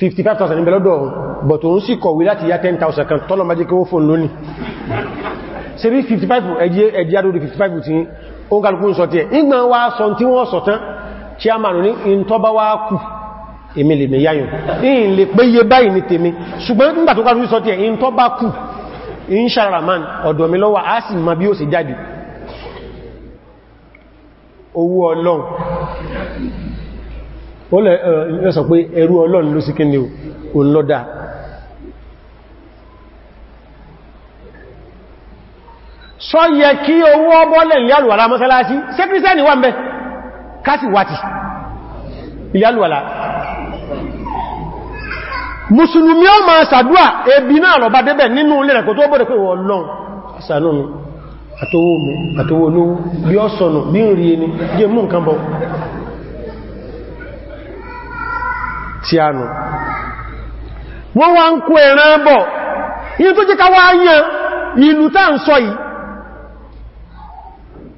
Speaker 1: 55,000 níbẹ̀ lọ́dọ̀ ọ̀run but òun sì kọ̀wé láti yá 10,000 kan tọ́lọ májí kí ó fún lónìí ṣe bí 55 ẹ̀dí adórí 55 tí ó ń kàlùkù ń sọ tí ẹ̀ ìgbà wá sọ tí wọ́n sọ tán kí a màrùn ní ìntọ́bá wá kù èmi lè mẹ́yáyùn ìyìn lè pé iye báyìí ní tèmi ṣùgbọ́n nígbà tó kàlùkù sọ tí ẹ̀ ìntọ́bá kù inṣàràmán ọ̀dọ̀ mi lọ́wọ́ á sì mọ bí ó sì jáde owó ọlọ́run wọ́n lẹ́ sọ pé ẹrú ọlọ́run ló sí kíni o lọ́dá sọ yẹ kí owó ọbọ́lẹ̀ ìlẹ́lùwàlá mọ́sálásí ṣe kírísẹ́nì wà ń bẹ kásì wàtì ìlẹ́lùwàlá mùsùlùmí ọ ma sàdúà ebi náà lọ bá débẹ̀ nínú ilé tó bọ́dẹ̀ pé wọ́n lọ́n tí a nù wọ́n wá ń kó ẹran bọ̀ iye tó jẹ́ ká wá yán ìlú tá ń sọ yìí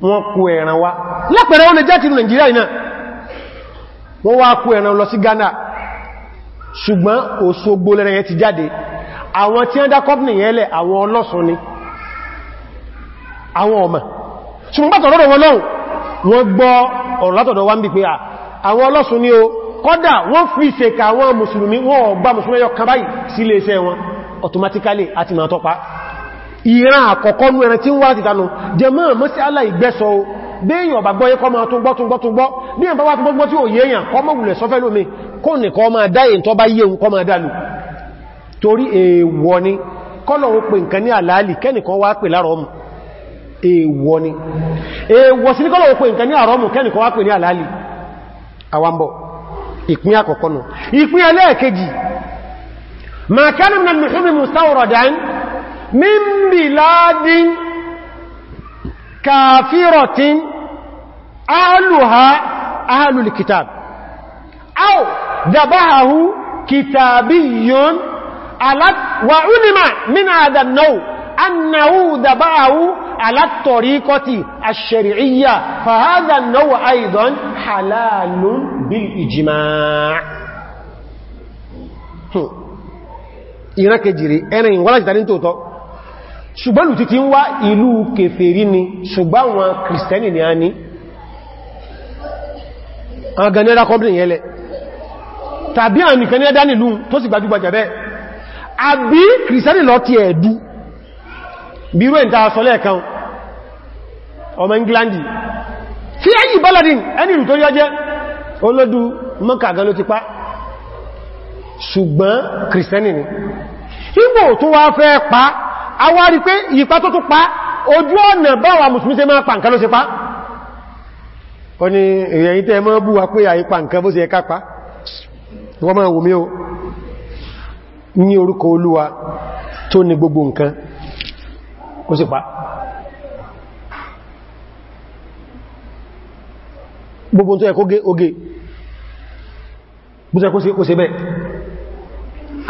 Speaker 1: wọ́n kó ẹran wá lẹ́pẹ̀rẹ̀ wọ́n lè jẹ́ tìlú Nàìjíríà iná wọ́n wá kó ẹran lọ sí Ghana ṣùgbọ́n Òṣogbo lẹ́rẹ̀ yẹn ti jáde àwọn tí ó dá àwọn kọ́dà wọ́n fi ìṣẹ̀kà àwọn mùsùlùmí wọ́n gba mùsùlùmí yọ kan báyìí sí ilé iṣẹ́ wọn automatically àti ma tọ́pa ìran àkọ́kọ́ ní ẹran tí ń wá ti dánú jẹmọ́ mọ́sí alá ìgbẹ́sọ béèyàn ọ̀bà gbọ́ yẹ́kọ́ máa tún gbọ́ tún gbọ́ tún gbọ́ bí ẹ̀bá wá tún gbọ́ tí ó yẹ́yàn kọ́ mọ́ wùlẹ̀ sọ́fẹ́ lómi kó nìkan máa dáyè tó bá yẹ́ nǹkan ni kọ́lọ̀ ó pè nǹkan ní àlàálì kẹ́nìkan wá pè lárọ̀ọ́mù sí ní kọ́lọ̀ ó pè nǹkan ní ìpín àkọ́kọ́ nù ìpín ẹlẹ́ẹ̀kejì ma kana min al-luhum mustawradan min biladin kafiratin ahluha ahlul kitab aw dabahahu kitabiyyun alat wa ulima min hadha an-naw annahu dabahahu على الطريقة الشرعية فهذا النوع أيضا حلال bil ijima' hm. ìran kejìrí ẹni wọ́n láti tàbí tóòtọ́ ṣùgbọ́n lù títí ń wá ìlú kèfèrí ni ṣùgbọ́n wọn kìrìsìtẹ́nì ni a ní aganẹ́dá kọ́bìnrin yẹlẹ̀ tàbí àmì kanẹ́dá nìlú tó sì gbajúgbajà bẹ́ẹ̀ àbí kìrìsìtẹ́nì lọ ti ẹ̀dú bí rẹ̀ ta sọ lẹ́ẹ̀kan ọmọ England fi ayi baladin ẹni ìrù tó yọ jẹ́ olódú mọ́kà gan ló ti pa ṣùgbọ́n kìrìsẹ́nì ni ìgbò tó wá fẹ́ pa a wá rí pé ìpa tó tó pa ojú ọ̀nà báwa mùsùlùmí ṣe máa pa nǹkan ló ṣe pa ó ni èyí tẹ́ mọ́ bú wa pé àyípa nǹkan bó ṣe ẹka pa wọ́n máa wò mí o ní orúkọ olúwa tó ní gbogbo nǹkan ó sì pa gbogbo tó ẹ̀kọ́ oge búṣẹ́ kó ṣe bẹ́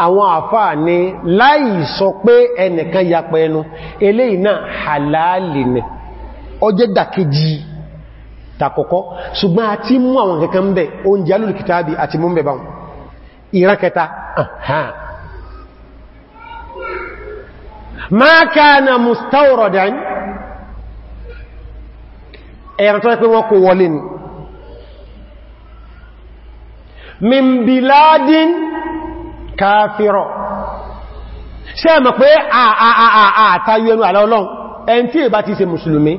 Speaker 1: àwọn àfáà ni láì sọ pé ẹnìkan ya ẹnu eléyìí náà halali ni ó jẹ́ dàkejì tàkọ́kọ́ ṣùgbọ́n a ti mú àwọn kankan bẹ̀ oúnjẹ alùlùkítàbí àti mú bẹ̀ báwọn ìran kẹta ma kana mustawradan tó rẹ̀ pé wọ́n kò wọlé ni min biladin káfírọ̀ ṣe mọ̀ pé àtayú ẹnu àlá ọlọ́run ẹn tí ìbá ti ṣe mùsùlùmí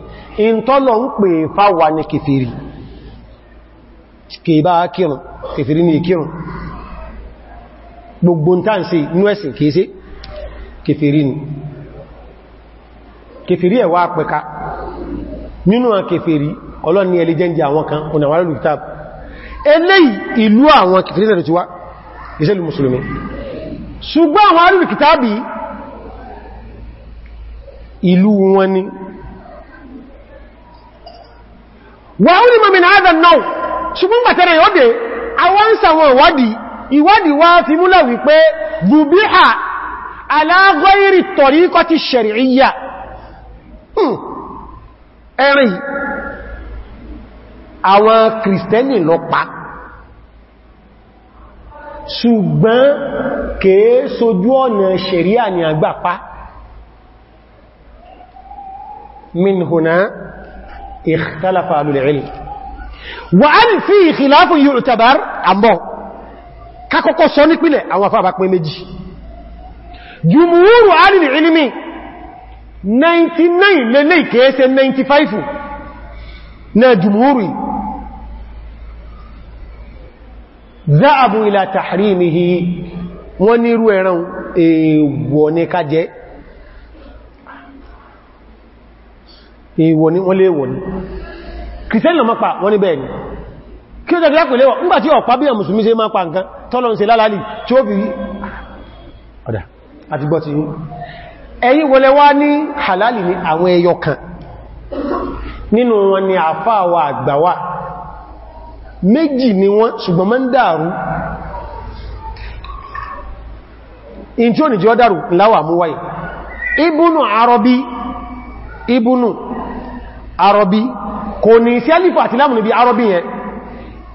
Speaker 1: in tọ́lọ ń pè fáwà ní kèfèrí kèbá kírùn kèfèrí ní ìkírùn gbogbo tán sí inú ẹ̀sìn kèése kèfèrí ni kèfèrí ẹ̀wà pẹ̀ka nínú àwọn ọlọ́ni ẹlẹ́jẹ́ àwọn kan ọ̀nà wà lórí kìtàbù eléyìí ìlú àwọn kìtìrìtẹ̀ tí wá ìṣẹ́lú mùsùlùmí ṣùgbọ́n àwọn arìnrìn kìtàbí ìlú wọn ni wà ó ní mọ̀mí náà dàn náà ṣùgbọ́n pàtẹ́rẹ̀ yóò dé àwọn ń sàwọn ìwádìí ìwádìí wá fi múlẹ̀ wípé bubiha ala àwọn kìrìsìtẹ́nì lọ pa ṣùgbọ́n kèé sojú ọ̀nà ṣẹ̀ríà ni àgbà pa min hùnà ikhtalafa alùlẹ̀ẹ́lì wà á ní fi ìkìláfún yu'tabar àmọ́ kakọ́kọ́ sọ nípìlẹ̀ àwọn afẹ́ àbápẹ́ méjì jùmúúrù alìlì ilimi 99 lẹ́lẹ́ ìkẹ́ẹ́sẹ̀ 95 na jùmúúrù záàbù ilá tàhrímihì wọ́n ní irú ẹran èèwọ̀ ní ká jẹ èèwọ̀ ní wọ́n léèwọ̀ ní kìrìsẹ́lì lọ mọ́pa wọ́n ní bẹ́ẹ̀ ni kí ó jẹ́ lápò léwọ̀ nígbàtí ọ̀pá bí pa nǹkan gbọ́ ti yí ẹ̀yí wọlé wá ní halali ní àwọn ẹyọ kan nínú wọn ni àfáà wa àgbà wa méjì ni wọ́n ṣùgbọ́n mọ́ ń dàrú in tí ó ní jẹ́ dàrú láwà mú wáyé ibùnù arọbí ibùnù arọbí kò ní sí alifu àti lámù níbi arọbí yẹn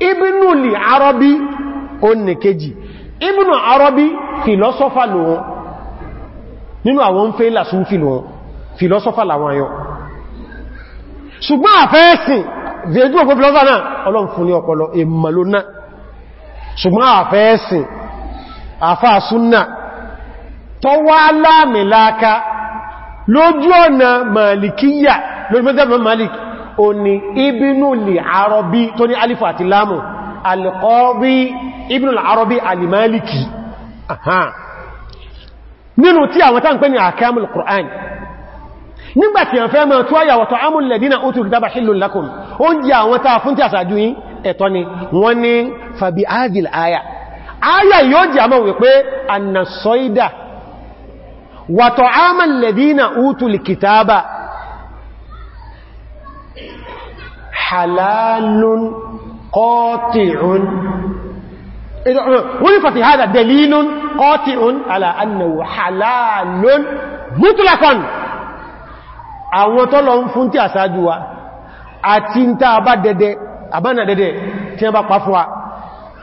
Speaker 1: ibùnù lè arọbí ó ní kejì ibùnù arọbí filosofa lòun nínú àwọn ń fẹ́ lásún filosofa làwọn ayọ́ ṣùgbọ́n àfẹ́ẹ̀sìn zèjú òkú philosopher náà ọlọ́run fún ní ọpọlọ èmàlò náà ṣùgbọ́n àfẹ́ẹ̀sìn àfáàsúnnà tó wá láàmìláka lójú ọ̀nà màlìkíyà lójú mẹ́tẹ́bẹ̀ malik o ni ibinuli arọbí tó ní alifu àti lámù alìkọ́rí nígbàtí yàn fẹ́ mọ̀ tó àyàwọ̀ tó ámù lẹ̀dínà ó tó kìtàbà hìllù lakum oúnjẹ àwọn tàà fún tí àṣàjú yìí ẹ̀tọ́ ni wọ́n ní fàbí áàdìl àyà àyà yóò jẹ́ àmọ́ wípé annasoida wàtọ̀ ámù lẹ̀dínà ó tó kìtàbà halalun qati'un wọ́n fàtí hádà dalilun qati'un ala annahu halalun mutlaqan àwọn tọ́lọ ń fún tí àṣájú wa àti ń tàà bá dẹ̀dẹ̀ àbánà dẹ̀dẹ̀ tí wọ́n bá pa fún wa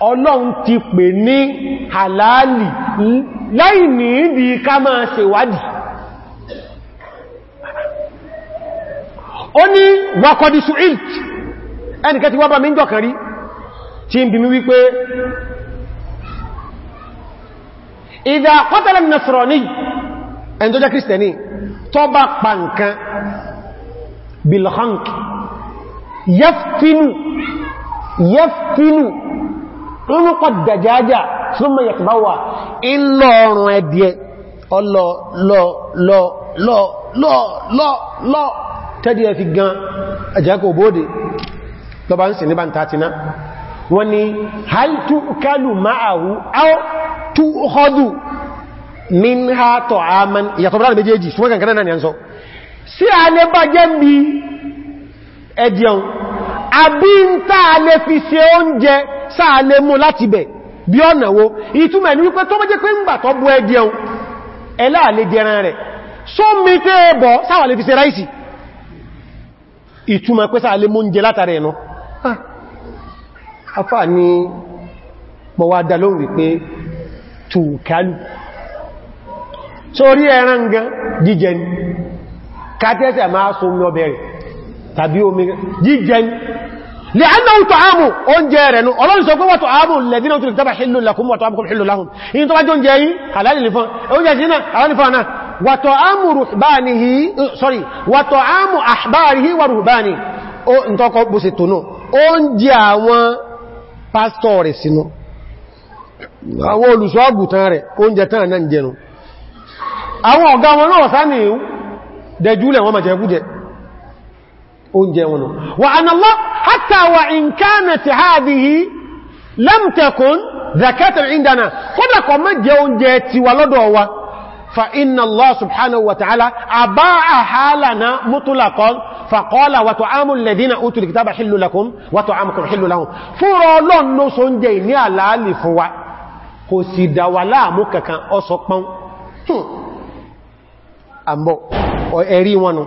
Speaker 1: ọlọ́run ti pè ní halali láì ní ìdí ká máa ṣèwádìí ó ní wakọdísù ilk ẹnìkẹ́ ti wá bá mi ń jọkàn tí ń bí mi wípé ìdá kọ́tàlẹ̀ nasrani ẹni tó tọ́bá pa nǹkan bilhank yaftinu yaftinu inú kọ dàjájá súnmọ̀ yàtàbáwà ilọ̀ ọ̀rùn ẹ̀dìẹ ọlọ lọ lọ lọ lọ lọ lọ tẹ́dì ẹ̀ fi gan àjẹ́kò bóde lọba ń sì níbà tàtíná wọ́n ni hal tú máa hù min ha tọ̀ àmàn ìyàtọ̀ bọ́lá méjèèjì ṣùgbọ́n kankan náà ni a ń sọ sí a lè bá jẹ́ bí ẹ̀dìyàn àbí ń tá a lè fi ṣe oúnjẹ sáà lè mú láti bẹ̀ bí ọ̀nà wo ìtumẹ̀ ní wípé tó mẹ́jẹ́ pé ń gbà tọ́ bú ẹ̀dìyàn ẹlá lè jẹran rẹ̀ só mi tẹ́ ẹbọ̀ sáà lè fi ṣe ráìsì ìtumẹ̀ pé sáà lè mú oúnjẹ látàrí ẹ̀nà afá ah, ni mọ̀wádà lóhùn wípé tùkálù sórí ẹran gan jíjẹ ni kàtẹ́sẹ̀ máa so omi ọbẹ̀rẹ̀ tàbí omi jíjẹ ni lè annáwó tó áàmù oúnjẹ rẹ̀ nù ọlọ́rin sọ pé wọ́tọ̀ áàmù lẹ́dínà tó lè dábà hìlò lakum wọ́tọ̀ áàmù sorry wọ́tọ̀ áàmù ahbarihi wa ruhbani ó ń tọ́kọ bó se tónú oúnjẹ àwọn pásítọ̀ rẹ̀ rẹ̀ oúnjẹ tán náà jẹnu àwọn ọ̀gá wọn náà sáàmì dẹjúlẹ̀ wọn màjẹ̀ ẹkú jẹ oúnjẹ wọn náà wà ánàlá hatta wà in kanat hadhihi lam takun zakatan indana kódà kọ mọ́ jẹ oúnjẹ tiwa lọ́dọ̀ wa fa inna Allah subhanahu wa ta'ala abaa halana mutlaqan fàkọ́lá wàtò ámùlẹ̀dínà ó tùlù kìtàbà hìllù lakum wàtò ámùkùn hìllù lahum ló so ń jẹ ìní àlàálì fún kò sì dáwà láàmú kankan ọsọ pán àmbọ̀ ẹ̀rí wọnù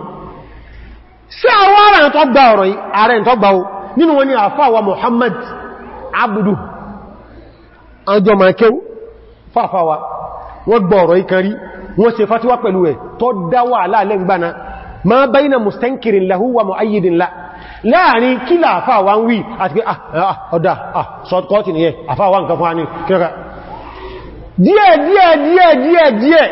Speaker 1: sí àwọn ara ẹ̀ntọ́ gba ọ̀rọ̀ yìí ara ẹ̀ntọ́ gba o nínú wọn ni àfáwà Muhammad Abdu àjọ makew fáfáwà wọ́n gba ọ̀rọ̀ yìí kan rí wọ́n ṣe fatiwa pẹ̀lú ẹ̀ tó dáwà aláàlẹ́gbàna ma bayna mustankirin lahu wa mu'ayyidin la láàrin kílà àfáwà ń wí àti pé ah, ah, ah, ọ̀dá sọ́tkọ́tì nìyẹn àfáwà díẹ̀ díẹ̀ díẹ̀ díẹ̀ díẹ̀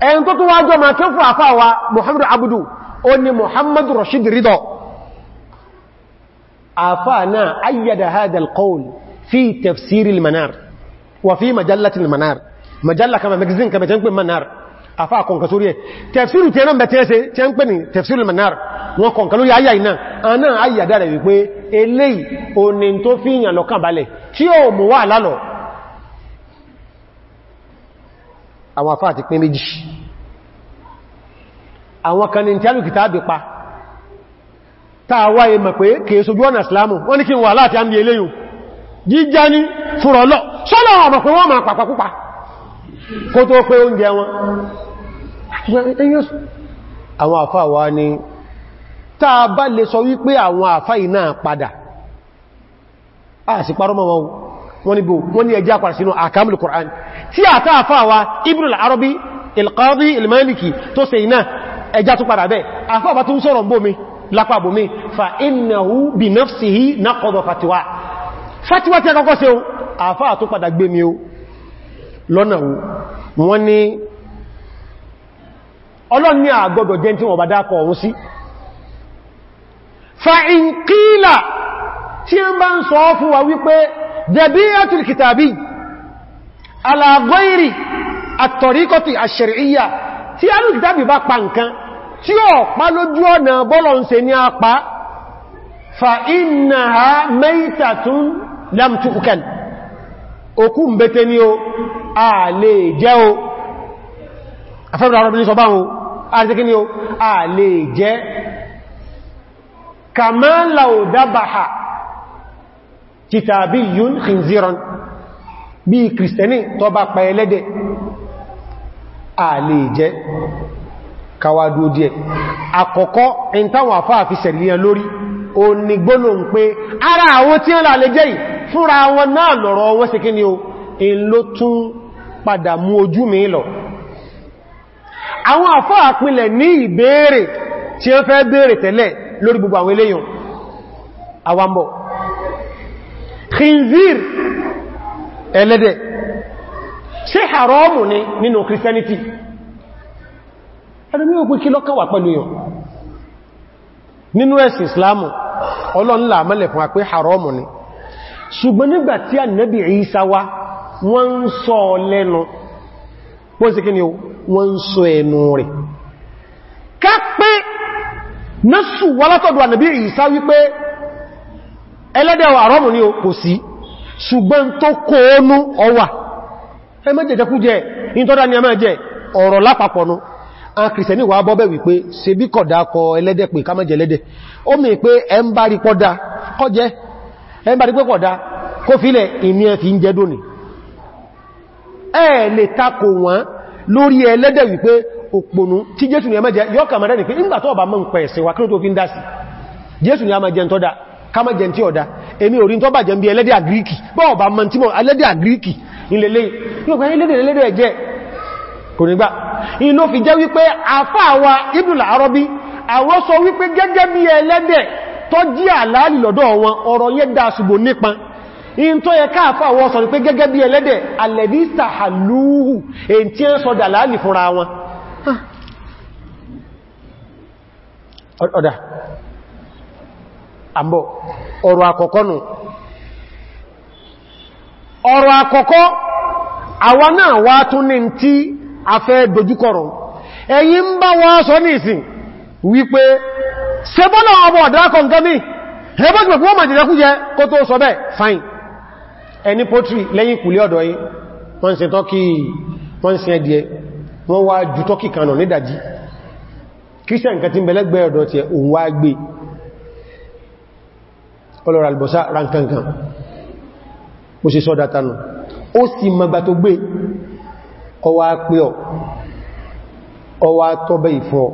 Speaker 1: ẹni tó tún wájọ́ ma kí fún àfáwà Muhammadu Abudu o ni Muhammadu Rashid Ridho àfá náà ayyada hada alqawl fi tafsir al-manar wa fi majallat al-manar majalla kama magazine kama tẹ́ńpẹ́ manar àfá kọ̀nkà sórí ẹ̀ tafsiru tẹ́ náà bẹ̀tẹ́ tẹ́ńpẹ́ ni tafsir al-manar wọn kọ̀nkà lórí ayá iná aná àwọn afá àti pín méjì àwọn kan ní tí alùkìtà àbì pa tààwà ìmọ̀ pé kèé sojú ọ̀nà islamu wọ́n ní kí wà láti àmì eléyìn jíjá ní fúrọ̀lọ́ sọ́lọ́ àwọn ọmọ pé wọ́n máa ni tàà bá lè sọ wípé àwọn àfá ìná padà a sì parọ́ wọ́n ni bó wọ́n ni ẹjá pàrà sínú àkàmùlù Kùránì tí a tàà fàwa Ibn al-Arabi al-Qadi al-Maliki tó se iná ẹjá tó padà bẹ́ afọ́bá tó ń sọ̀rọ̀ bómi lápá bómi fa innahu bi nafsihi mi o lọ́nà wo wọ́n tí ń bá ń sọ fún wa wípé dabi'atul kitabi ala ghairi at-tariqati ash-shar'iyya tí alù kìtàbí bá pa nǹkan tí ó pa lójú ọ̀nà bọ́lọ̀ ń ṣe ní apá fa innaha maytatun lam tu'kal òkú ń bẹ́tẹ́ ní o a lè jẹ o afẹ́bùrà ọ̀rọ̀ bí sọ báhùn a lè jẹ́ a lè jẹ kama law dabaha kìtàbí yún khinziran bí kìrìsìtẹ́nì tó bá pa ẹlẹ́dẹ̀ a lè jẹ́ kawàdú díẹ̀ àkọ́kọ́ in táwọn àfáà fi sẹ̀lẹ̀ lórí o ní gbónà ń pé ara àwọn tí wọ́n lè jẹ́ fúnra wọn náà lọ̀rọ̀ wọ́n sí kí o in ló tún padà mú ojú mi lọ àwọn àfáà pínlẹ̀ ní ìbéèrè tí wọ́n fẹ́ béèrè tẹ́lẹ̀ lórí gbogbo àwọn eléyàn awambo khinzir elede se haram ni ninu christianity adamu ku ki lokawa pelu yo ninu es islam olon la male fun ape haram ni sugbon nigbati anabi isa wa won so lenu won se kini o won so enu re ka pe nasu wala to do anabi isa wi pe ẹlẹ́dẹ̀ àrọ́mù ní kò sí ṣùgbọ́n tó kó ónú ọwà ẹ mẹ́jẹ̀jẹ̀kú jẹ́ ìtọ́dá ni a máa jẹ́ ọ̀rọ̀ lápapọ̀nú a kìrìsẹ̀ní wà bọ́bẹ̀ wípé ṣe bí kọ̀dá kọ ẹlẹ́dẹ̀ pé ká mẹ́jẹ̀ lẹ́dẹ̀ ó mì pé ẹ ń bá rí pọ́dá kọ́ jẹ́ ẹ ń bá rí pé kọ̀dá kó fílẹ̀ ìní ẹ fi ń jẹ́ dónì ẹ lè takò wọ́n lórí ẹlẹ́dẹ̀ wípé òpònú tí Jésù ni a mẹ́jẹ yọ́kà mẹ́rẹ́ nì pé nígbà ọba mọ́ ń pẹ̀ kí ló tó fi ń dá sí Jésù ni a mẹ́jẹ ń tọ́dá kama jẹ tí ọ̀dá èmi orí tó bàjẹ́ bí ẹlẹ́dẹ̀ àgíríkì bọ́ọ̀ bá mọ́ tí mọ́ ẹlẹ́dẹ̀ àgíríkì ilẹ̀lẹ́ yóò gbá ẹlẹ́dẹ̀ ẹlẹ́dẹ̀ ẹ̀jẹ́ kò ní gbá jẹ́ Arabi àwọn sọ wípé gẹ́gẹ́ bí ẹlẹ́dẹ̀ tó jí àlàálì lọ́dọ̀ wọn ọ̀rọ̀ yẹ́ dá ṣùgbò nípa in tó yẹ káàfà wọ́n sọ wípé gẹ́gẹ́ ah. ọ̀dá àmbọ̀ ọ̀rọ̀ àkọ́kọ́ nù ọ̀rọ̀ àkọ́kọ́ àwa náà wá tún ní tí a fẹ́ dojúkọrọ̀ ń bá wá sọ ní ìsìn wípé sẹ́bọ́nà ọmọ ọ̀dárakọ̀ nǹkan mí ẹgbẹ́gbẹ̀ wọ́n fine ẹni wọ́n ṣe tọ́kì wọ́n ju kristian tí kọlọ̀rọ̀ albọ̀sá rankankan ó sì sọ́dá tanù ó sì magba tó gbé ọwá pé ọ ọwá tọ́bẹ̀ ìfọ́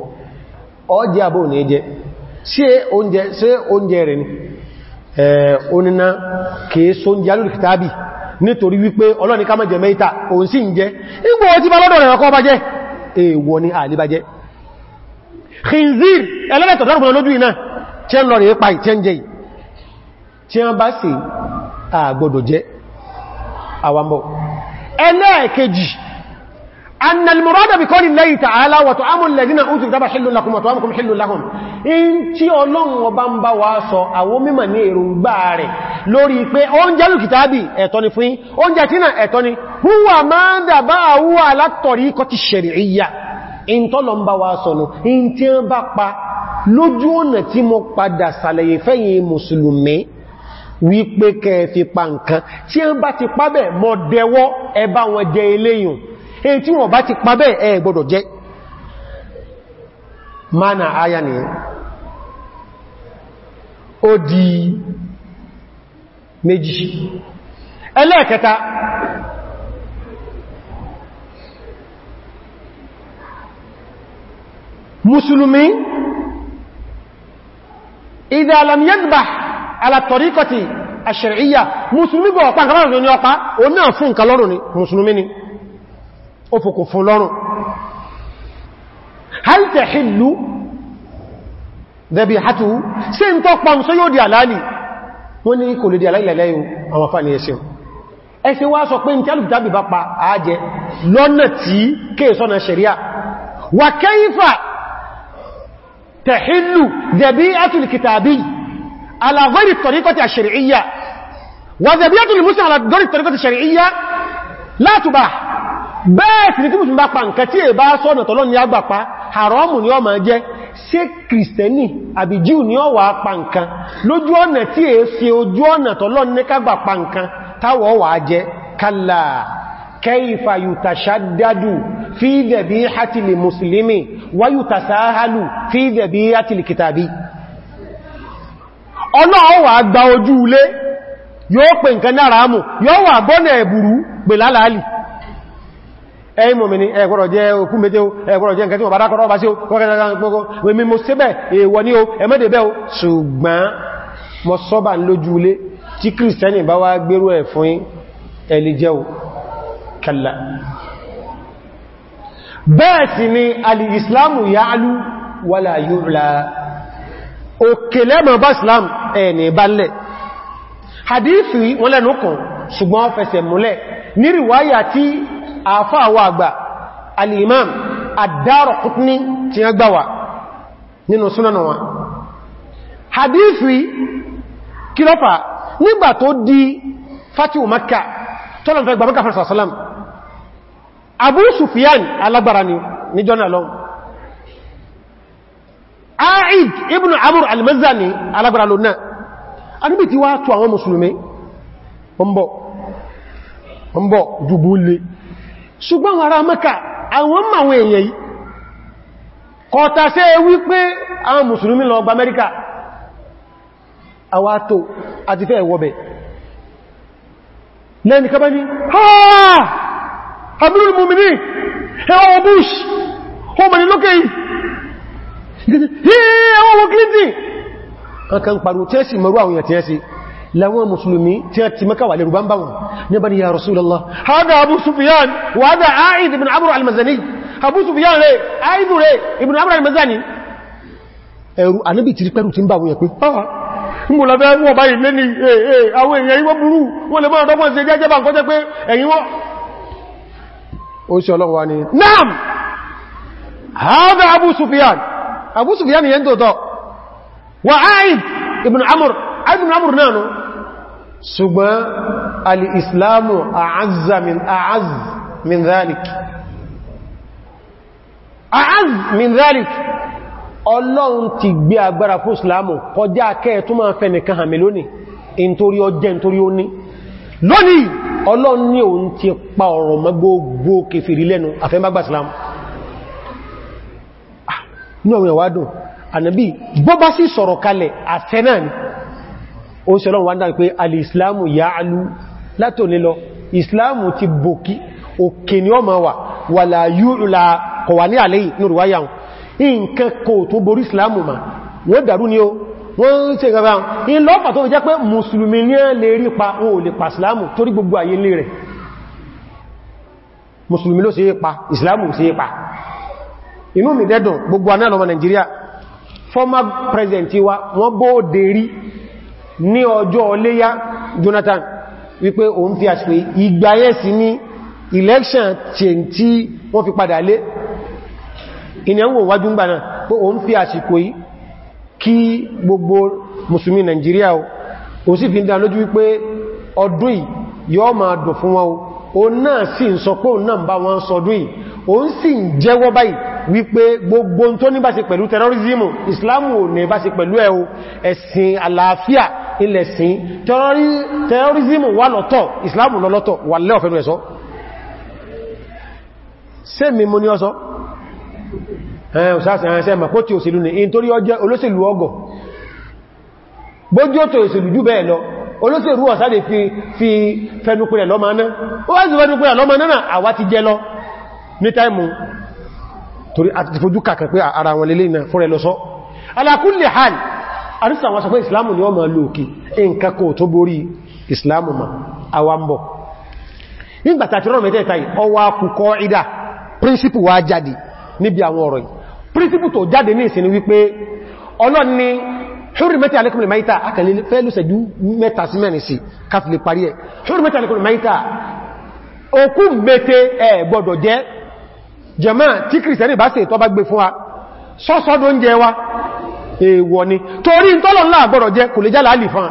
Speaker 1: ọjẹ́ àbò ní ẹjẹ́ ṣe oúnjẹ rẹ̀ ni onina kìí sóúnjẹ alúrìkítàbì nítorí wípé ọlọ́ni ká mọ́jẹ̀ mẹ́ta òun sì ń jẹ́ igbó ti bá lọ́dọ̀ rẹ̀ ọkọ́ bá jẹ́ èèwọ̀ ni àlébájẹ́ khinzir ẹlẹ́lẹ́tọ̀ dárùn lójú iná tí ẹ lọ rẹ̀ tí wọ́n bá sì àgbọ̀dọ̀ jẹ́ àwambọ̀ ẹlẹ́ẹ̀kejì أن المراد بقول الله تعالى وطعام الذين أوتوا الكتاب حل لكم وطعامكم حل in tí Ọlọ́run ọba ń bá wa sọ àwọn mímọ̀ ní èròǹgbà rẹ̀ lórí pé oúnjẹ lù kìtàbí ẹ̀tọ́ ni fún oúnjẹ tí náà ẹ̀tọ́ ni huwa ma dabahu ala tariqati shar'iyya in tọ́lọ ń bá wa sọ nù in tí ń bá pa lójú ọ̀nà tí mo padà sàlẹ̀yẹ̀ fẹ́yìn mùsùlùmí wípé kẹfì pa nǹkan tí ẹ bá ti pábẹ̀ mọ́ dẹwọ́ ẹbá wọn jẹ eléyìn èyí tí wọ́n bá ti pábẹ̀ ẹ gbọ́dọ̀ jẹ mana aya ni ó di méjì ẹlẹ́ẹ̀kẹta musulumi idha lam yadbah ala tariqati ash-shar'iyya musulmi gbọ́ ọ̀pá nǹkan lọ́rùn ní ọpá o náà fún nǹkan lọ́rùn ní musulmi ni ó fòkò fún lọ́rùn hal tahillu dhabihatuhu sí ń tọ́pọ̀ mú só yóò di àlálì wọ́n ní kò lè di àlálì àwọn على غير الطريقة الشرعية وذبية المسلم على غير الطريقة الشرعية لا تباح bẹ́ẹ̀ sì ní tí mùsùlùmí bá pa nǹkan tí èbá sọ́nà tọ́lọ́ ni àgbà pa haramu ni ó máa jẹ́ ṣé kìrìsìtẹ́nì àbí jíù ni ó wà pa nǹkan lójú ọ̀nà tí è fi ojú ọ̀nà kayfa yutashaddadu fi dhabihatil muslimi wa yutasahalu fi dhabihatil kitabi ọlọ́wà gba ojú ilé yóò pè nǹkan náà ráàmù yóò wà bọ́nà ẹ̀bùrú pè lálàálì ẹ̀yìn mọ̀mìnì ẹ̀kọ́rọ̀ jẹ́ okú méjé o ẹ̀kọ́rọ̀ jẹ́ nǹkan tí wọ́n bá dákọ́rọ̀ bá sí o kọ́kẹ́rẹ́ bẹ́ẹ̀ sì ni alìsìláàmù yáálú wàlà yóò la òkè lẹ́mọ̀ bá islam ẹni balẹ̀ hadithi wọn lẹ́nu kan ṣùgbọ́n fẹsẹ̀ múlẹ̀ ní ríwáyà tí àfáàwà àgbà alìmam ad-Daraqutni tí a gbáwà nínú súnanà wọn hadithi kílọ́fà nígbà tó di fatihu makka tọ́lọ̀ fẹ́ gbà makka fẹ́ sàlám aid ibn abur al-mazani alagbara lona agbe ti wa to awon musulumi mbo mbo jubule sugbon ara maka awon ma won eyan yi ko ta se wi pe awon musulumi lo gba america awato ati fe wobe nani ka bani ha amrul mu'minin he obush ho mani lokeyi ẹwọ́n wọ́n clinton ọkàn pàrò tí ẹ sì mọ̀rú àwọn èèyàn tí ẹ láwọn musulmi tí a ti maka wà lè rúbán báwọn ní bá ni ya rasulallah hada abu sufiyan wa hada aid ibn amur al-mazani abu sufiyan rẹ̀ aid rẹ̀ ibn amur al-mazani ẹ̀rù anábì ti rí pẹ́rù tí ń báwọn yẹ pé mú lọ́bẹ́ wọ́n báyìí lé ní àwọn èèyàn ìwọ́n bá ń kọ́jẹ́ pé ẹ̀yìn wọ́n Abu Sufyan yẹn tòótọ́ wà áìd ibn amur ibn amur náà nù ṣùgbọ́n al'islamu a'azza min a'az min zalik a'az min zalik ọlọ́run ti gbé agbára fún islamu kọjá kẹ́ẹ̀ tó máa fẹ́ nìkan hàmì lónìí nítorí ọjẹ́ nítorí ó ní lónìí ọlọ́run ní òun ti pa ọ̀rọ̀ mọ́ kèfèrí lẹ́nu àfẹ́mọ́gbà islamu ní ọmọ ìwádùn ànàbí bó bá sí sọ̀rọ̀ kalẹ̀ àtẹ́nà ni ó ṣe lọ́wọ́ wádá pé alìsìláàmù ya alú látò nílọ ìsìláàmù ti bòkí òkè ni ọmọ wà wà láyúrùlá kọ̀wà ní àlẹ́ ìnúrùwáyàun nǹkan kò tó borí ìsìláàmù ma wọ́n dàrú ni ó wọ́n ń pa wọn ò lè pa ìsìláàmù torí gbogbo ayé lè rẹ̀ mùsùlùmí ló ṣe é pa ìsìláàmù ṣe é pa inú mi dẹ́dùn gbogbo aná lọ́mọ Nàìjíríà former president wa wọ́n bóòdè rí ní ọjọ́ ọléyá Jonathan wípé òun fi àṣìpé ìgbàyẹ̀sí ní election tí wọ́n fi padà lé ìyẹn wò wájú ń gbà náà pé òun fi àṣìkò yìí kí gbogbo mùsùlùmí Nàìjíríà ó sì fi ń dá lójú wípé ọdún yìí máa dùn fún wọn o náà sì ń sọ pé òun náà bá wọn sọdún yìí òun sì ń jẹ́wọ́ báyìí wípé gbogbo tó ní bá ṣe pẹ̀lú tẹrọrìsìmù islamu ò ní bá ṣe pẹ̀lú ẹ̀ o ẹ̀sìn àlàáfíà ilẹ̀sìn tẹrọrìsìmù wà lọ́tọ̀ islamu lọ́lọ́tọ̀ wà lẹ́ ọ̀fẹ́nu ẹ̀sọ́ ṣe mi mú ní ọ́sọ́ olóṣèlú ọ̀sáde fi fẹnupinẹ̀ lọ́mọ náà ó wá sí fẹnupinẹ̀ lọ́mọ náà àwá ti jẹ lọ ní torí àti ti fojú kàkà pé ara wọn lélé ìnà fúnrẹ lọ sọ ala kulli àrísà wọn sọ pé ìsìláàmù ni wọ́n ma lóòkè nǹkan tó borí ìsìláàmù ma awambo nígbàtàkì rọrùn mẹ́tẹ̀ẹ̀ta yìí ọwọ́ akùkọ ìdá príncipù wá jáde níbi àwọn ọ̀rọ̀ yìí príncipù tó jáde ní ìsinmi wípé ọlọ́ni hurrimati alaikum al-maita akàlẹ̀ fẹ́lú sẹ̀jú mẹ́ta sí mẹ́rin sí káfílẹ̀ parí ẹ̀ hurrimati alaikum al-maita òkú mẹ́tẹ̀ ẹ̀ gbọ́dọ̀ jẹ́ jẹ̀mọ́ tí kìrìsìtẹ́nì bá ṣe ìtọ́ bá gbé fún wa sọ́sọ́dọ̀ ń jẹ wa èèwọ̀ ni torí ń tọ́lọ̀ ńlá àgbọ̀rọ̀ jẹ kò lè jẹ́ láàlì fún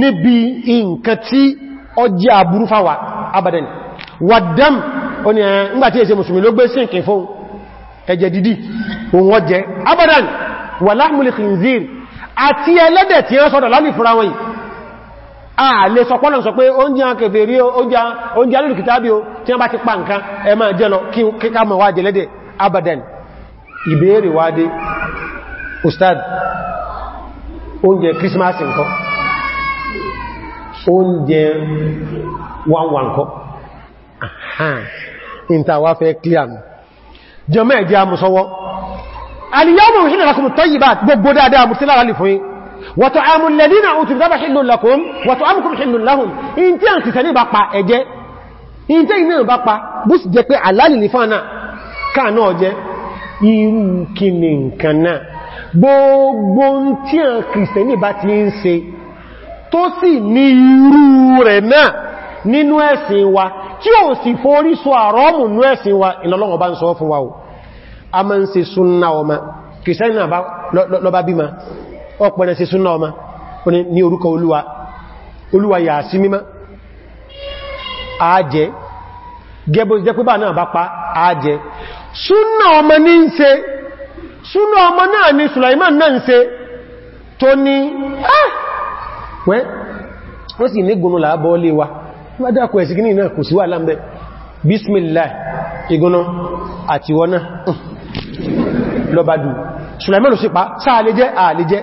Speaker 1: níbi nǹkan tí ọ jẹ́ àbúrú fáwà abadan wàdám oní ẹ̀ ńgbàtí èsẹ mùsùlùmí ló gbé sí ǹkẹ fún ẹ̀jẹ̀ dídì òun ọjẹ́ abadan wà láhmùlì khinzir àti ẹlẹ́dẹ̀ tí ẹ sọ́dọ̀ láàlì fúnra a ah, lè sọ pọ́lọ̀ sọ pé oúnjẹ akẹfẹ́ rí oúnjẹ alìrìkítàbí o tí wọ́n bá ti pa nǹkan ẹ máa jẹ́ lọ kí ká mọ̀ wájẹ lẹ́dẹ̀ abadan ìbéèrè wádé ustad oúnjẹ Christmas nǹkan oúnjẹ wánwà nǹkan ìntàwà fẹ́ clear jọmọ́ ẹ̀jẹ́ amùsọwọ́ alìyàmù ìhìnà lakum tayyibat gbogbo dáadáa mú sí lára lè وطعام الذين اوتوا الكتاب حل لكم وطعامكم حل لهم ان تي ان تسني با pa ẹ̀jẹ̀ in tẹ́ iná bá pa bó sì jẹ́ pé àlálì ní fánà káà náà jẹ́ irú kìnnì gbogbo tí a kìrìsìtẹ́nì bá ti ń ṣe tó sì ní irú rẹ̀ náà nínú ẹ̀sìn wa tí ó sì forí sọ àrọ́mù nínú ẹ̀sìn wa ìlọ́lọ́wọ́ bá ń sọ fún wa o a máa ń ṣe súnnà ọmọ kìrìsìtẹ́nì náà lọ bá bímọ ọpẹrẹ sí súnà ọmọ ní orúkọ olúwa olúwa yà sí mímọ́ ààjẹ́ gẹ́bọ́ ìjẹ́ pípà náà bá pa ààjẹ́ súnà ọmọ ní ń ṣe súnà ọmọ náà ni Sulaiman náà ń ṣe tó ní ah! ẹ́ ó sì ní gúnnù làábọ́ lé wa bismillah ìgúnnà àti wọ́nà lọ́bàdù Sulaiman ló sí pa sáà lè jẹ́ àà lè jẹ́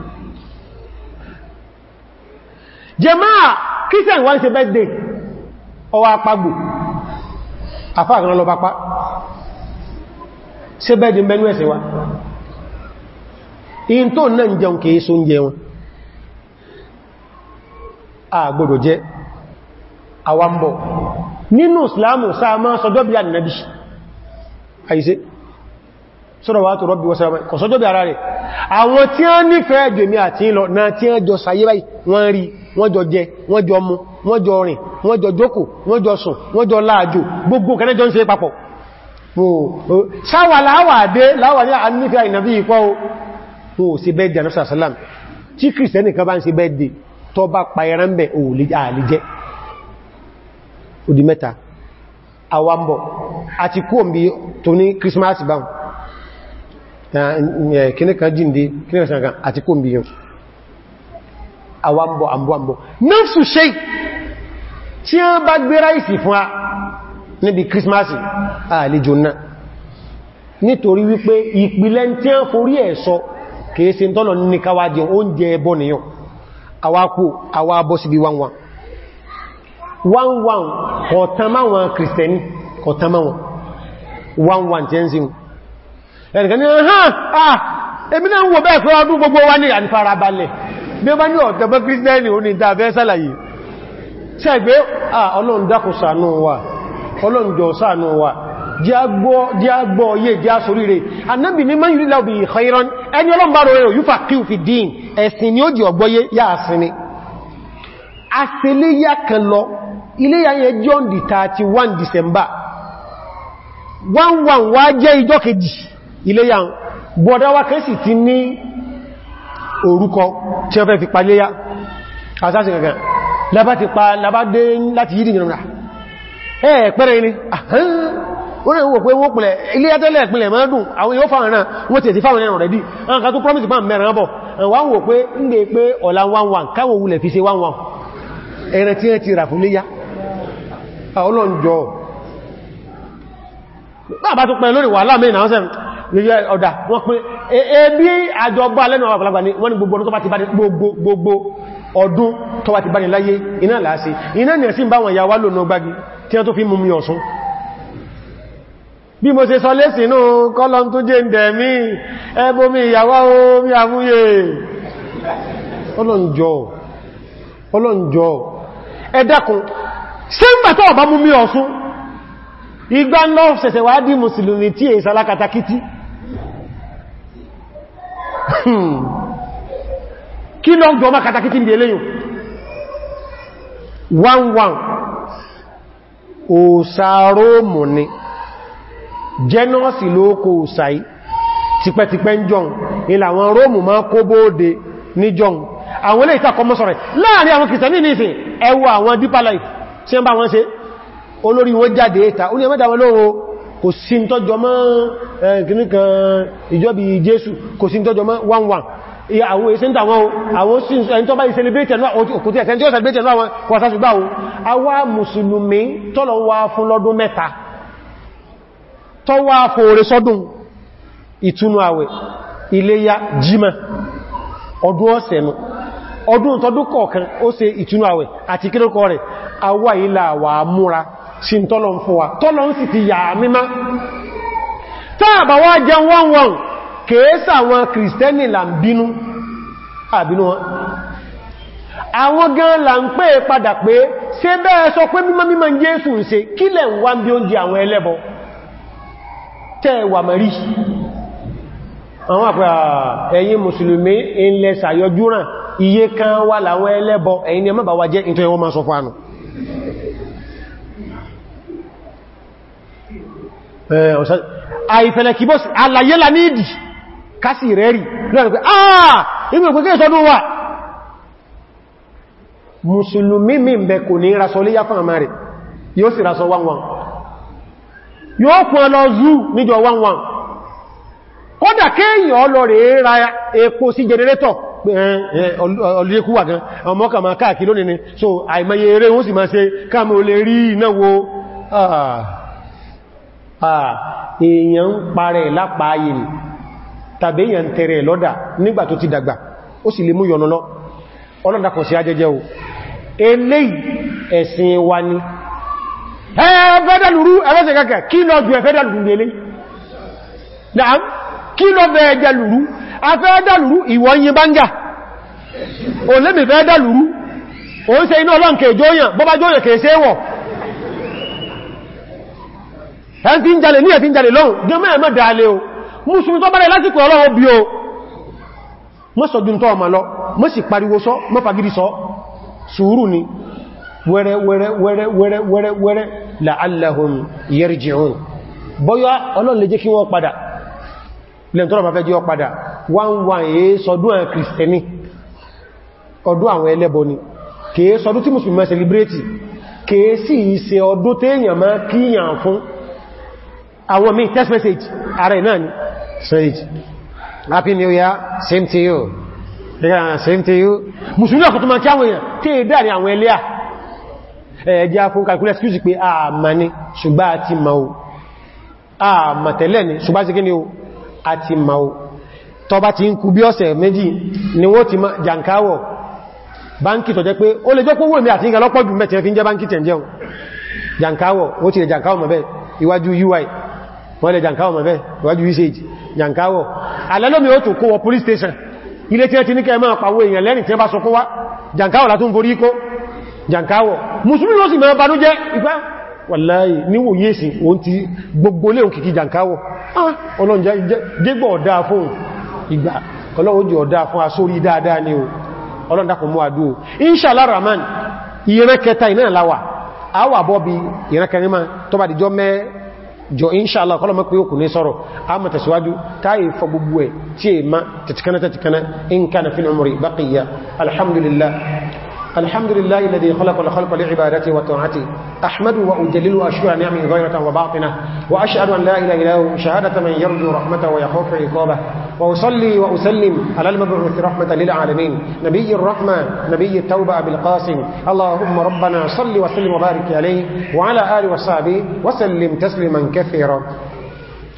Speaker 1: jẹmáà christian wá ń ṣe birthday ọwọ́ apagbò àfá àkànà lọ pápá ṣe birthday mẹ́nu ẹ̀sẹ̀ wa in tó náà ń jẹun kìí só ń jẹun àgbòdò jẹ́ àwambọ̀ nínú islamu sáà máa sọjọ́ bí ànìyàn bí àìsẹ́ sọ́rọ̀ wà tó ara rẹ̀ àwọn tí wọ́n nífẹ̀ẹ́ jèmi àti ìlọ náà tí wọ́n jọ sayé báyìí wọ́n rí wọ́n jọ jẹ wọ́n jọ mu wọ́n jọ rìn wọ́n jọ jókòó wọ́n jọ sùn wọ́n jọ láàjò gbogbo kẹ́lẹ́jọ ń ṣe papọ̀ sáwà láwàdé láwà ní ànífẹ́ ìnàbí ipọ́ o ò sí bẹ́ẹ̀dì ànáṣà sálàm tí kìrìsìtẹ́nì kan bá ń ṣe bẹ́ẹ̀dì tó bá pa ẹran bẹ̀ ò lè jẹ́ ó di mẹ́ta àwambọ̀ àti kú òmbi tó ní kírísímásì báhùn Eh, kíní kan jíndé kíní kan ṣankan àti kó ń bí yàn àwa àmbọ̀ náfsù ṣe tí a bá gbé ráìsì fún a níbi kírísmásì àlejò náà nítorí wípé ìpìlẹ̀ tí a forí ẹ̀ sọ kèése tọ́lọ ní káwàjẹ oúnjẹ ẹbọ nìyàn àwákú àwá bọ́ síbi ẹnìkan ní ah èmi náà ń wò bẹ́ẹ̀ fẹ́ ọdún gbogbo wa ní ànífarabalẹ̀ bí ó bá ní ọ̀tẹ̀bọ́ kírísítẹ́nì ó ní dáfẹ́ sálàyé ṣẹ́gbé ọlọ́run wa ọlọ́run jọ̀ọ́ wa jágbọ́ yé já soríre annabi ní man yúrílá bí khairan ẹni ọlọ́run bá rọrẹ yúfà kí ò fi dín ẹ̀sìn ni ó jẹ́ ọgbọ́yé yá àsinmi aṣeléyà kan lọ December 111 wá jẹ́ ìjọ́ kejì iléyà bọ̀dáwà kan sì ti ní orúkọ tí wọ́n fẹ́ fi a àsáṣì gangan lábá ti pa lábá dé láti yìí dìnyànrà ẹ̀ pẹ́rẹ̀ ni wọ́n rẹ̀ wò pé wọ́n pìlẹ̀ wọ́n níyẹ ọ̀dà wọ́n pín ẹbí e, e, àjọgbà lẹ́nu àwọn àgbàlagbà ní wọ́n ní gbogbo ọdún tó bá ti bá ní gbogbo ọdún tó bá ti bá ní láyé iná làásí iná ni ẹ̀sìn bá wọn ìyàwó lónà gbági tí wọ́n tó fi mú mi ọ̀sún bí mo ṣe sọ lẹ́sìnú kọ́lọ́m tó jẹ́ ǹdẹ̀mí ẹbó mi ìyàwó mi àmúyè ọlọ́njọ́ ọlọ́njọ́ ẹ dákun ṣé ń bàtọ́ ọ̀bá mú mi ọ̀sún ìgbà lọ́ọ̀ṣẹ̀ṣẹ̀ wá dí mùsùlùmí tí kí lọ ń jọ máa kàtàkì tí ń bí eléyìn one one òsàróòmù ni jẹ́nọ́sì ló kò òsàí tipẹ́tipẹ́ ń jọun ilẹ̀ àwọn róòmù máa kó bóòdè ní jọun àwọn ilé ìtàkọ mọ́sọ̀rẹ̀ láàrin àwọn kìtàní ní ìsìn ẹwọ àwọn deeper life tí wọ́n bá wọ́n ṣe olórí wọ́n jáde ẹta ó ní ẹmẹ́ta wọn lóòrò kò sí tọ́jọ mọ́ ẹnkìníkan ìjọbi jésù kò sí tọ́jọ mọ́ wọ́n wọ́n àwọn ìsẹ́ntà wọn àwọn ẹni tó bá ìsẹ́lẹ̀bẹ̀tẹ̀ náà òkútí ẹ̀kẹ́ tí ó sẹ́lẹ̀bẹ̀tẹ̀ náà wọ́n sásùgbà wọn àwa mùsùlùmí tọ́lọ wá fún lọ́dún mẹ́ta tọ́ wá fòrè sọ́dún ìtúnú àwẹ̀ iléyá jímà ọdún ọ̀sẹ̀nù ọdún tọdún kọ̀ọ̀kan ó ṣe ìtúnú àwẹ̀ àti kírókọ rẹ̀ àwa ìlà àwà múra sí tọ́lọ̀ ń fún wa tọ́lọ̀ ń sì ti yà mímá tààbà wá jẹun wọ́n wọ́n kèésà àwọn kìrìsìtẹ́nì là ń bínú àbínú wọn àwọn gan là ń pè padà pé ṣe bẹ́ẹ̀ sọ pé mímọ́ mímọ́ Jésù ń ṣe kí wá bí oúnjẹ àwọn ẹlẹ́bọ àwọn àpẹ ẹ̀yin mùsùlùmí ilẹ̀ sàyọjúràn iye kan wà láwọn ẹlẹ́bọ ẹ̀yin ni ẹ má bà jẹ́ ìtọ́ ẹwọ́ máa sọ fún ànù Eh, àìfẹ̀lẹ̀kìbọ́sì àlàyé là ní n'idi kásì rẹ̀ rí lọ́rọ̀ pé àà ah, inú ìpín kí ìṣọ́dún wà mùsùlùmí mi kò ní rasọ léyá fún àmà rẹ̀ yóò sì rasọ wánwán yóò kún zú níjọ wánwán kéèyàn epo eh, eh, ọmọ èèyàn ń parẹ̀ lápàáyè ni tàbí èèyàn tẹ̀rẹ̀ lọ́dà nígbà tó ti dàgbà ó sì lè mú yọnu lọ ọlọ́dàkọ̀ sí ajẹ́jẹ́ o eléyìí ẹ̀sìn wa ni ẹ̀ẹ́fẹ́dàlúrú ẹ̀fẹ́sẹ̀ kẹ́kẹ́ kí lọ ju ẹ̀fẹ́dàlúrú eléyìí naam kí lọ bẹ̀ẹ́dàlúrú afẹ́dàlúrú ìwọ̀ yí bánga olèmìfẹ́dàlúrú òun ṣe iná ọlọ́nkẹ̀ ìjọyàn bọ́bájọ́yàn kèèṣẹ́wọ̀ ẹn tí ń jalè ní ẹ̀ tí ń jalè lọ́hùn gẹ́mọ́ ẹ̀mọ́ dáalé o mùsùlùmí tó bára lásìkò ọlọ́wọ́ bí o mọ́ sọ̀dún tó ọmọ lọ mọ́ sì pariwo sọ mọ́ fagidi sọ sùúrù ni wẹ́rẹ́ wẹ́rẹ́ wẹ́rẹ́ wẹ́rẹ́ wẹ́rẹ́ wẹ́rẹ́ la'allahum yarji'un bóyá Ọlọ́run lè jẹ́ kí wọ́n padà lẹ́n tó rọ̀bá fẹ́ jẹ́ padà wọ́n wà èé sọdún àwọn kìrìsìtẹ́ni ọdún àwọn ẹlẹ́bọ ni kèé sọdún tí mùsùlùmí máa kíyàn fún àwọn mi test message ààrẹ náà ni sage happy new year same to you Yeah, same to you musulmi ọkọ̀ tó máa kí àwọn èèyàn tí è dáàrí àwọn ẹlẹ́à ẹ̀ẹ́jẹ́ fún calculate excuse pé àmà ni ṣùgbá àti ma'o àmà tẹ́lẹ̀ ni ṣùgbá sí kí ni o àti ma'o tọba ti ń kú bí ọ̀sẹ̀ méjì ni wọ́n ti jànkáwọ̀ báńkì tọ́jẹ́ pé ó lè jẹ́ pé owó èmì àti ìgbàlọ́pọ̀ jù mẹ́tẹ̀ẹ́ fi ń jẹ́ báńkì tẹ̀ jẹun jànkáwọ̀ ó ti lè jànkáwọ̀ mọ̀ bẹ́ẹ̀ iwájú ui wọ́n lè jànkáwọ̀ mẹ́fẹ́ ìwájú usage jànkáwọ̀ alẹ́lómi ó tún kó wọ police station ilé tí ẹ ti ní kẹ́ máa pàwọ èèyàn lẹ́rìn tí ẹ bá sọ kó wá jànkáwọ̀ látún forí kó jànkáwọ̀ musulmi ló sì mẹ́ banújẹ́ ipá wàláyé níwò yéèsì òun ti gbogbo lé òun kìkì jànkáwọ̀ ọlọ́njẹ́ ìrẹ́kẹta ìnáà láwà àwọ̀ àbọ́bí ìrẹ́kẹrin máa tọ́bàdìjọ́ mẹ́ jọ inṣàlá kọlọmọ pé òkú ní sọ́rọ̀ a mọ̀ tẹ̀síwájú táyì fọ gbogbo ẹ̀ tí è má tẹ̀tìkaná tẹ̀tìkaná in kana fil umri baqiya alhamdulillah الحمد لله الذي خلق الخلق لعبادته وطاعته أحمد وأجلل أشكر نعمه ظاهرة وباطنة وأشهد أن لا إله إلا هو شهادة من يرجو رحمته ويخاف عقابه وأصلي وأسلم على المبعوث رحمة للعالمين نبي الرحمة نبي التوبة أبي القاسم اللهم ربنا صل وسلم وبارك عليه وعلى آله وصحبه وسلم تسليما كثيرا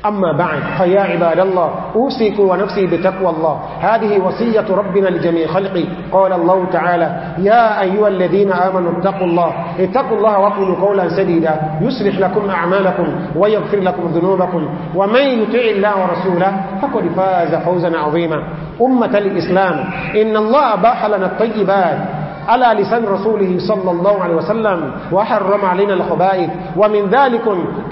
Speaker 1: أما بعد فيا عباد الله أوصيكم ونفسي بتقوى الله هذه وصية ربنا لجميع خلقه قال الله تعالى يا أيها الذين آمنوا اتقوا الله اتقوا الله وقلوا قولا سديدا يصلح لكم أعمالكم ويغفر لكم ذنوبكم ومن يطع الله ورسوله فقد فاز فوزا عظيما أمة الإسلام إن الله باح لنا الطيبات على لسان رسوله صلى الله عليه وسلم وحرم علينا الخبائث ومن ذلك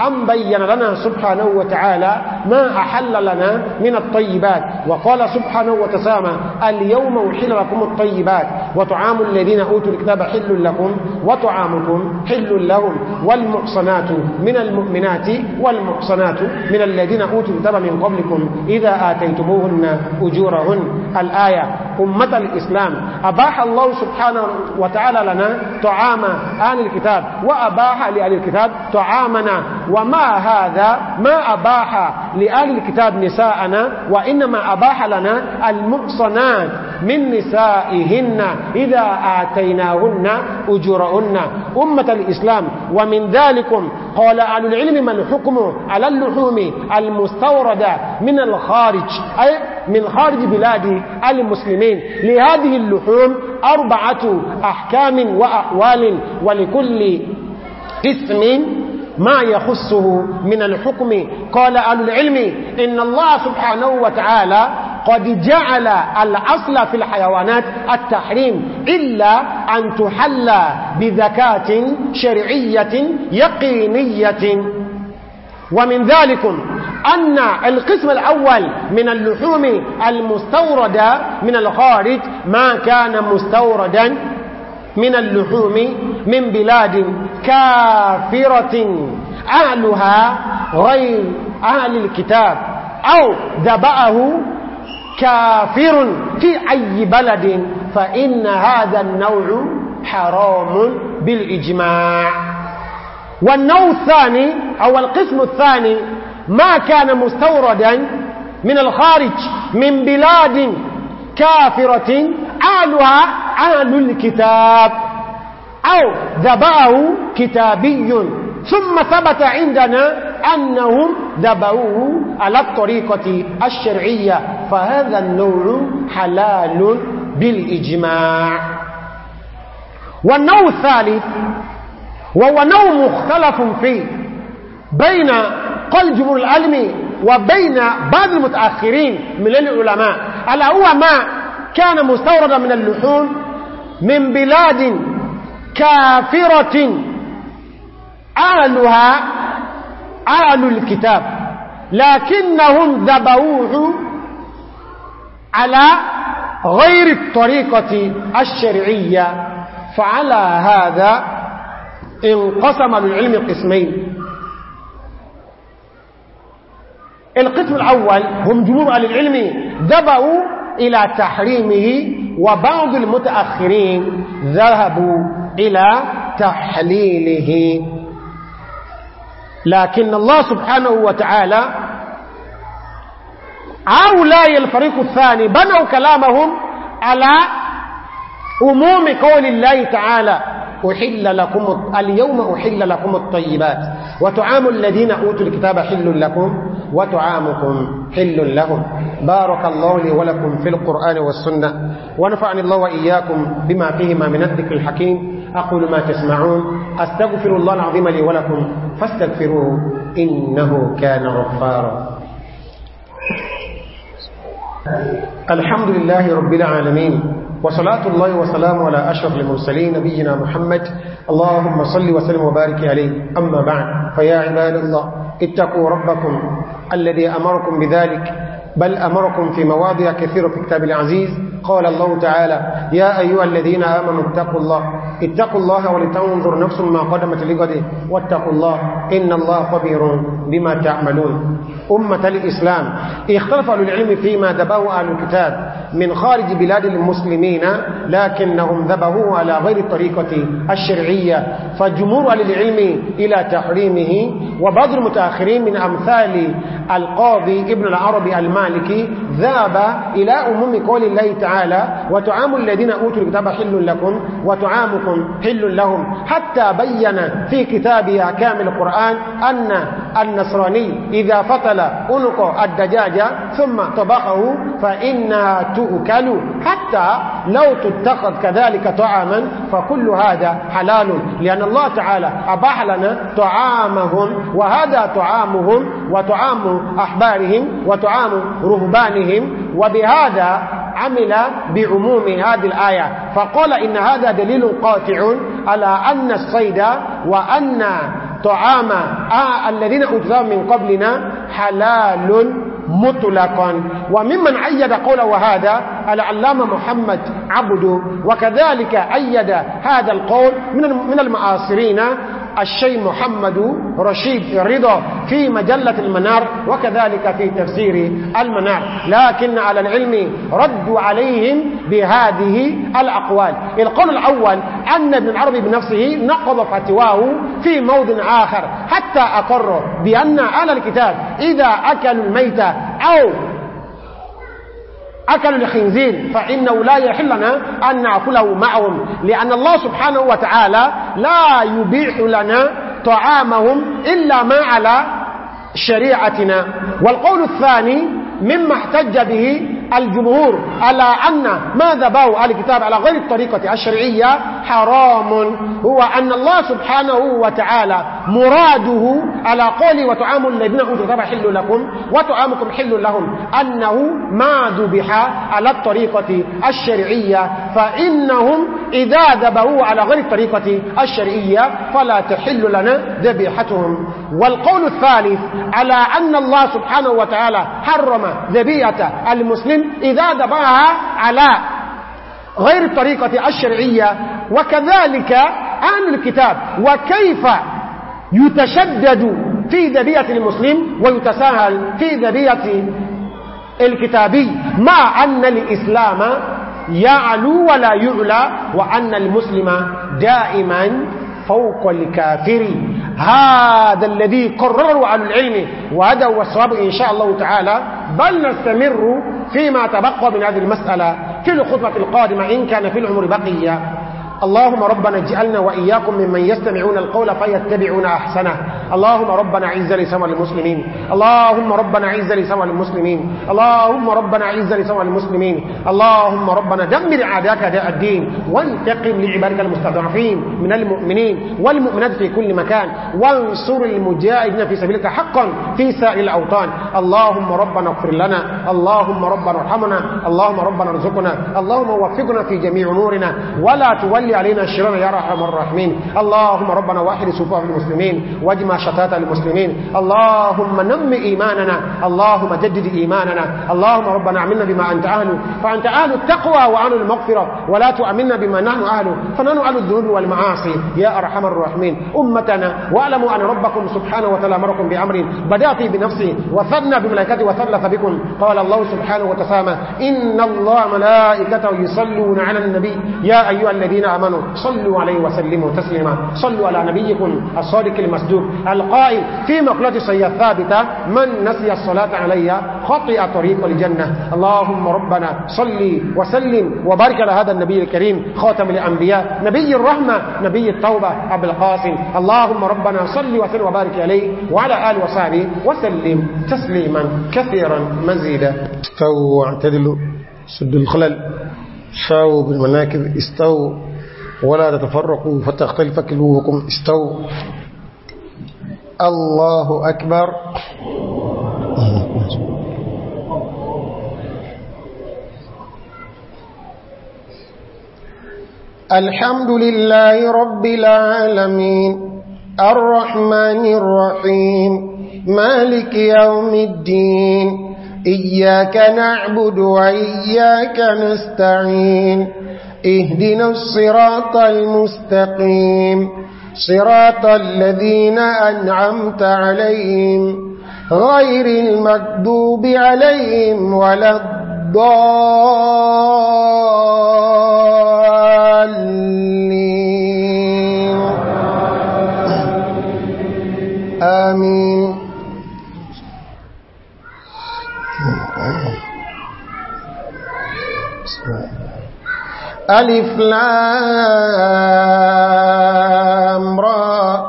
Speaker 1: أن بين لنا سبحانه وتعالى ما أحل لنا من الطيبات وقال سبحانه وتسامى اليوم أحل لكم الطيبات وطعام الذين أوتوا الكتاب حل لكم وطعامكم حل لهم والمحصنات من المؤمنات والمحصنات من الذين أوتوا الكتاب من قبلكم إذا آتيتموهن أجورهن الآية أمة الإسلام أباح الله سبحانه سبحانه وتعالى لنا طعام اهل الكتاب وأباح لأهل الكتاب طعامنا وما هذا ما أباح لأهل الكتاب نساءنا وإنما أباح لنا المحصنات من نسائهن إذا آتيناهن أجرهن أمة الإسلام ومن ذلكم قال أهل العلم ما الحكم على اللحوم المستوردة من الخارج أي من خارج بلاد المسلمين لهذه اللحوم أربعة أحكام وأحوال ولكل اسم ما يخصه من الحكم قال أهل العلم إن الله سبحانه وتعالى قد جعل الأصل في الحيوانات التحريم إلا أن تحلى بذكاة شرعية يقينية ومن ذلك أن القسم الأول من اللحوم المستوردة من الخارج ما كان مستوردا من اللحوم من بلاد كافرة أهلها غير أهل الكتاب أو ذبعه كافر في أي بلد فإن هذا النوع حرام بالإجماع والنوع الثاني أو القسم الثاني ما كان مستوردا من الخارج من بلاد كافرة أهلها أهل الكتاب أو ذبعه كتابي ثم ثبت عندنا أنهم دبعوه على الطريقة الشرعية فهذا النوع حلال بالإجماع والنوع الثالث وهو نوع مختلف فيه بين قل قلب العلم وبين بعض المتأخرين من العلماء ألا هو ما كان مستوردا من اللحوم من بلاد كافرة أهلها أهل الكتاب لكنهم ذبوه على غير الطريقة الشرعية فعلى هذا انقسم العلم قسمين القسم الأول هم جمهور أهل العلم ذبوا إلى تحريمه وبعض المتأخرين ذهبوا إلى تحليله لكن الله سبحانه وتعالى هؤلاء الفريق الثاني بنوا كلامهم على أموم قول الله تعالى أحل لكم اليوم أحل لكم الطيبات وتعام الذين أوتوا الكتاب حل لكم وتعامكم حل لهم بارك الله لي ولكم في القرآن والسنة ونفعني الله وإياكم بما فيهما من الذكر الحكيم أقول ما تسمعون أستغفر الله العظيم لي ولكم فاستغفروه إنه كان غفارا الحمد لله رب العالمين وصلاة الله وسلام على أشرف المرسلين نبينا محمد اللهم صل وسلم وبارك عليه أما بعد فيا عباد الله اتقوا ربكم الذي أمركم بذلك بل أمركم في مواضع كثيرة في كتاب العزيز قال الله تعالى يا أيها الذين آمنوا اتقوا الله اتقوا الله ولتنظر نفس ما قدمت لغد واتقوا الله إن الله خبير بما تعملون أمة الإسلام اختلف أهل العلم فيما ذبه أهل الكتاب من خارج بلاد المسلمين لكنهم ذبهوه على غير الطريقة الشرعية فجمهور أهل العلم إلى تحريمه وبعض المتأخرين من أمثال القاضي ابن العربي المالكي ذاب إلى أمم قول الله تعالى وتعام الذين أوتوا الكتاب حل لكم وتعامكم لهم حل لهم حتى بين في كتابه أحكام القرآن أن النصراني إذا فتل أنق الدجاجة ثم طبخه فإنها تؤكل حتى لو تتخذ كذلك طعاما فكل هذا حلال لأن الله تعالى أباح لنا طعامهم وهذا طعامهم وطعام أحبارهم وطعام رهبانهم وبهذا عمل بعموم هذه الآية فقال إن هذا دليل قاطع على أن الصيد وأن طعام الذين أجزاهم من قبلنا حلال مطلقا وممن أيد قوله هذا العلام محمد عبده وكذلك أيد هذا القول من المعاصرين الشيخ محمد رشيد رضا في مجلة المنار وكذلك في تفسير المنار لكن على العلم ردوا عليهم بهذه الأقوال القول الأول أن ابن العربي بنفسه نقض فتواه في موض آخر حتى أقر بأن أهل الكتاب إذا أكلوا الميت أو أكل الخنزير فإنه لا يحلنا أن نأكله معهم لأن الله سبحانه وتعالى لا يبيح لنا طعامهم إلا ما على شريعتنا والقول الثاني مما احتج به الجمهور على أن ما ذباه على الكتاب على غير الطريقة الشرعية حرام هو أن الله سبحانه وتعالى مراده على قول وتعامل الذين أوتوا الكتاب حل لكم وتعامكم حل لهم أنه ما ذبح على الطريقة الشرعية فإنهم إذا ذبحوا على غير الطريقة الشرعية فلا تحل لنا ذبيحتهم والقول الثالث على أن الله سبحانه وتعالى حرم ذبيعة المسلم إذا ذبحها على غير الطريقة الشرعية وكذلك أهل الكتاب وكيف يتشدد في ذبيعة المسلم ويتساهل في ذبيعة الكتابي مع أن الإسلام يعلو ولا يعلى وأن المسلم دائما فوق الكافر هذا الذي قرره على العلم وهذا هو الصواب إن شاء الله تعالى بل نستمر فيما تبقى من هذه المسألة في الخطبة القادمة إن كان في العمر بقية اللهم ربنا اجعلنا وإياكم ممن يستمعون القول فيتبعون أحسنه اللهم ربنا عز لسوى المسلمين اللهم ربنا عز لسوى المسلمين اللهم ربنا عز لسوى المسلمين اللهم ربنا دمر عاداك داء الدين وانتقم لعبادك المستضعفين من المؤمنين والمؤمنات في كل مكان وانصر المجاهدين في سبيلك حقا في سائر الأوطان اللهم ربنا اغفر لنا اللهم ربنا ارحمنا اللهم ربنا ارزقنا اللهم وفقنا في جميع أمورنا ولا تولي علينا شرنا يا رحم الراحمين اللهم ربنا واحد صفوف المسلمين واجمع شتات المسلمين اللهم نم إيماننا اللهم جدد إيماننا اللهم ربنا عملنا بما أنت أهل فأنت أهل التقوى وأهل المغفرة ولا تعملنا بما نحن أهل فنحن أهل الذنوب والمعاصي يا أرحم الراحمين أمتنا وأعلموا أن ربكم سبحانه وتعالى أمركم بأمر بدأت بنفسي وثنى بملائكته وثلث بكم قال الله سبحانه وتسامى إن الله ملائكته يصلون على النبي يا أيها الذين آمنوا صلوا عليه وسلموا تسليما صلوا على نبيكم الصادق المصدوق القائل في مقلة صيّة ثابتة من نسي الصلاة علي خطئ طريق الجنة اللهم ربنا صلي وسلم وبارك على هذا النبي الكريم خاتم الأنبياء نبي الرحمة نبي التوبة أبو القاسم اللهم ربنا صلي وسلم وبارك عليه وعلى آل وصحبه وسلم تسليما كثيرا مزيدا
Speaker 2: استووا
Speaker 1: اعتدلوا سدوا الخلل شاو بالمناكب استووا ولا تتفرقوا فتختلف
Speaker 2: قلوبكم استووا الله أكبر الحمد لله رب العالمين الرحمن الرحيم مالك يوم الدين إياك نعبد وإياك نستعين اهدنا الصراط المستقيم صراط الذين أنعمت عليهم غير المكذوب عليهم ولا الضالين آمين ألف لام را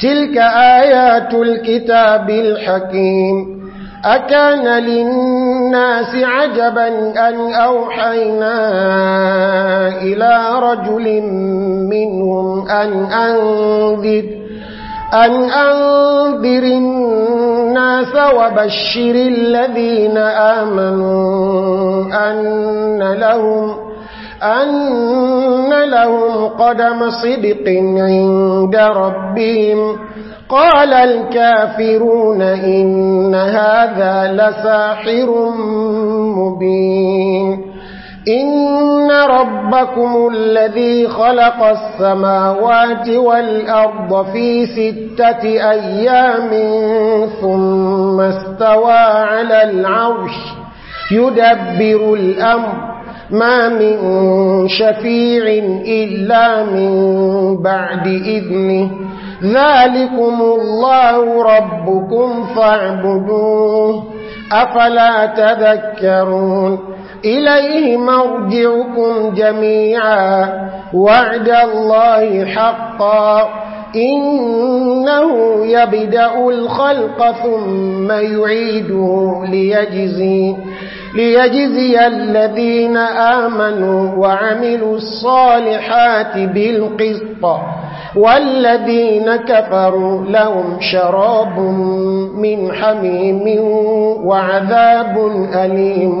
Speaker 2: تلك آيات الكتاب الحكيم أكان للناس عجبا أن أوحينا إلى رجل منهم أن أنذر أن أنذر الناس وبشر الذين آمنوا أن لهم أن لهم قدم صدق عند ربهم قال الكافرون إن هذا لساحر مبين إن ربكم الذي خلق السماوات والأرض في ستة أيام ثم استوى على العرش يدبر الأمر ما من شفيع إلا من بعد إذنه ذلكم الله ربكم فاعبدوه أفلا تذكرون إليه مرجعكم جميعا وعد الله حقا إنه يبدأ الخلق ثم يعيده ليجزي ليجزي الذين آمنوا وعملوا الصالحات بالقسط والذين كفروا لهم شراب من حميم وعذاب أليم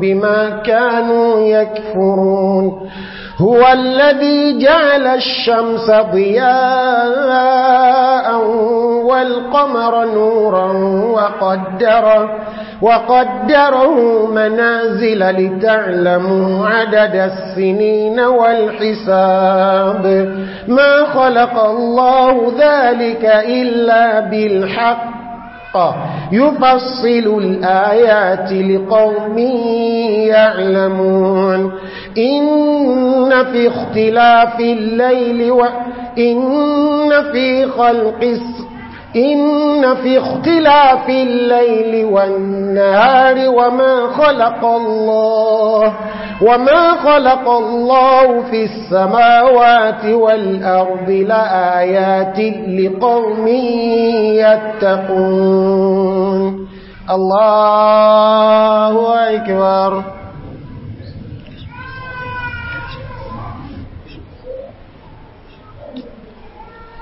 Speaker 2: بما كانوا يكفرون هو الذي جعل الشمس ضياء والقمر نورا وقدره وقدره منازل لتعلموا عدد السنين والحساب ما خلق الله ذلك إلا بالحق الحق يفصل الآيات لقوم يعلمون إن في اختلاف الليل وإن في خلق السماء إن في اختلاف الليل والنهار وما خلق الله وما خلق الله في السماوات والأرض لآيات لقوم يتقون الله أكبر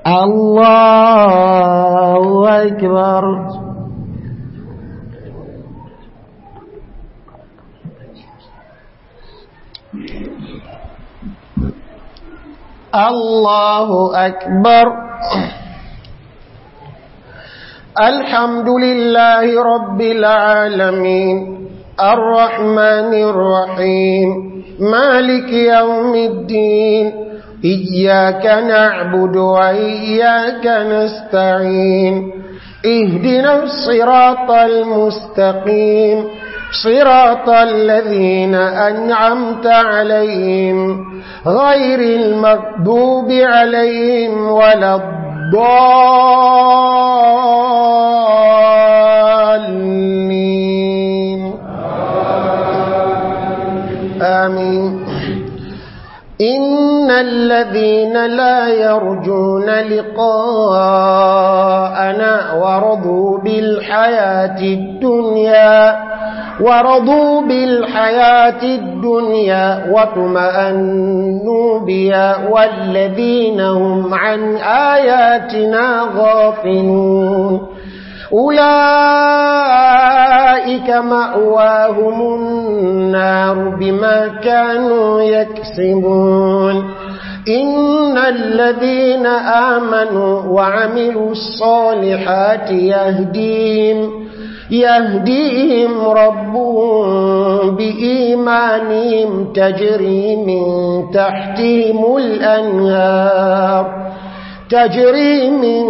Speaker 2: الله أكبر الله أكبر الحمد لله رب العالمين الرحمن الرحيم مالك يوم الدين إياك نعبد وإياك نستعين اهدنا الصراط المستقيم صراط الذين أنعمت عليهم غير المكذوب عليهم ولا الضالين آمين إن الذين لا يرجون لقاءنا ورضوا بالحياة الدنيا ورضوا بالحياة الدنيا وطمأنوا بها والذين هم عن آياتنا غافلون أولئك مأواهم النار بما كانوا يكسبون إن الذين آمنوا وعملوا الصالحات يهديهم يهديهم ربهم بإيمانهم تجري من تحتهم الأنهار تجري من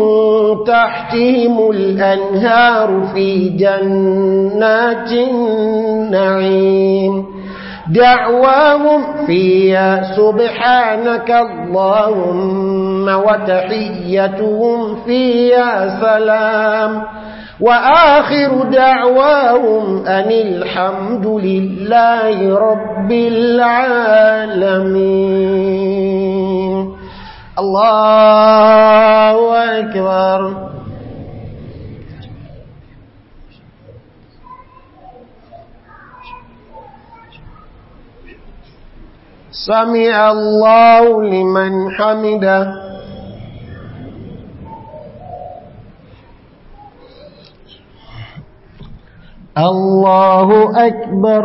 Speaker 2: تحتهم الأنهار في جنات النعيم دعواهم فيها سبحانك اللهم وتحيتهم فيها سلام وآخر دعواهم أن الحمد لله رب العالمين الله أكبر سمع الله لمن حمده الله أكبر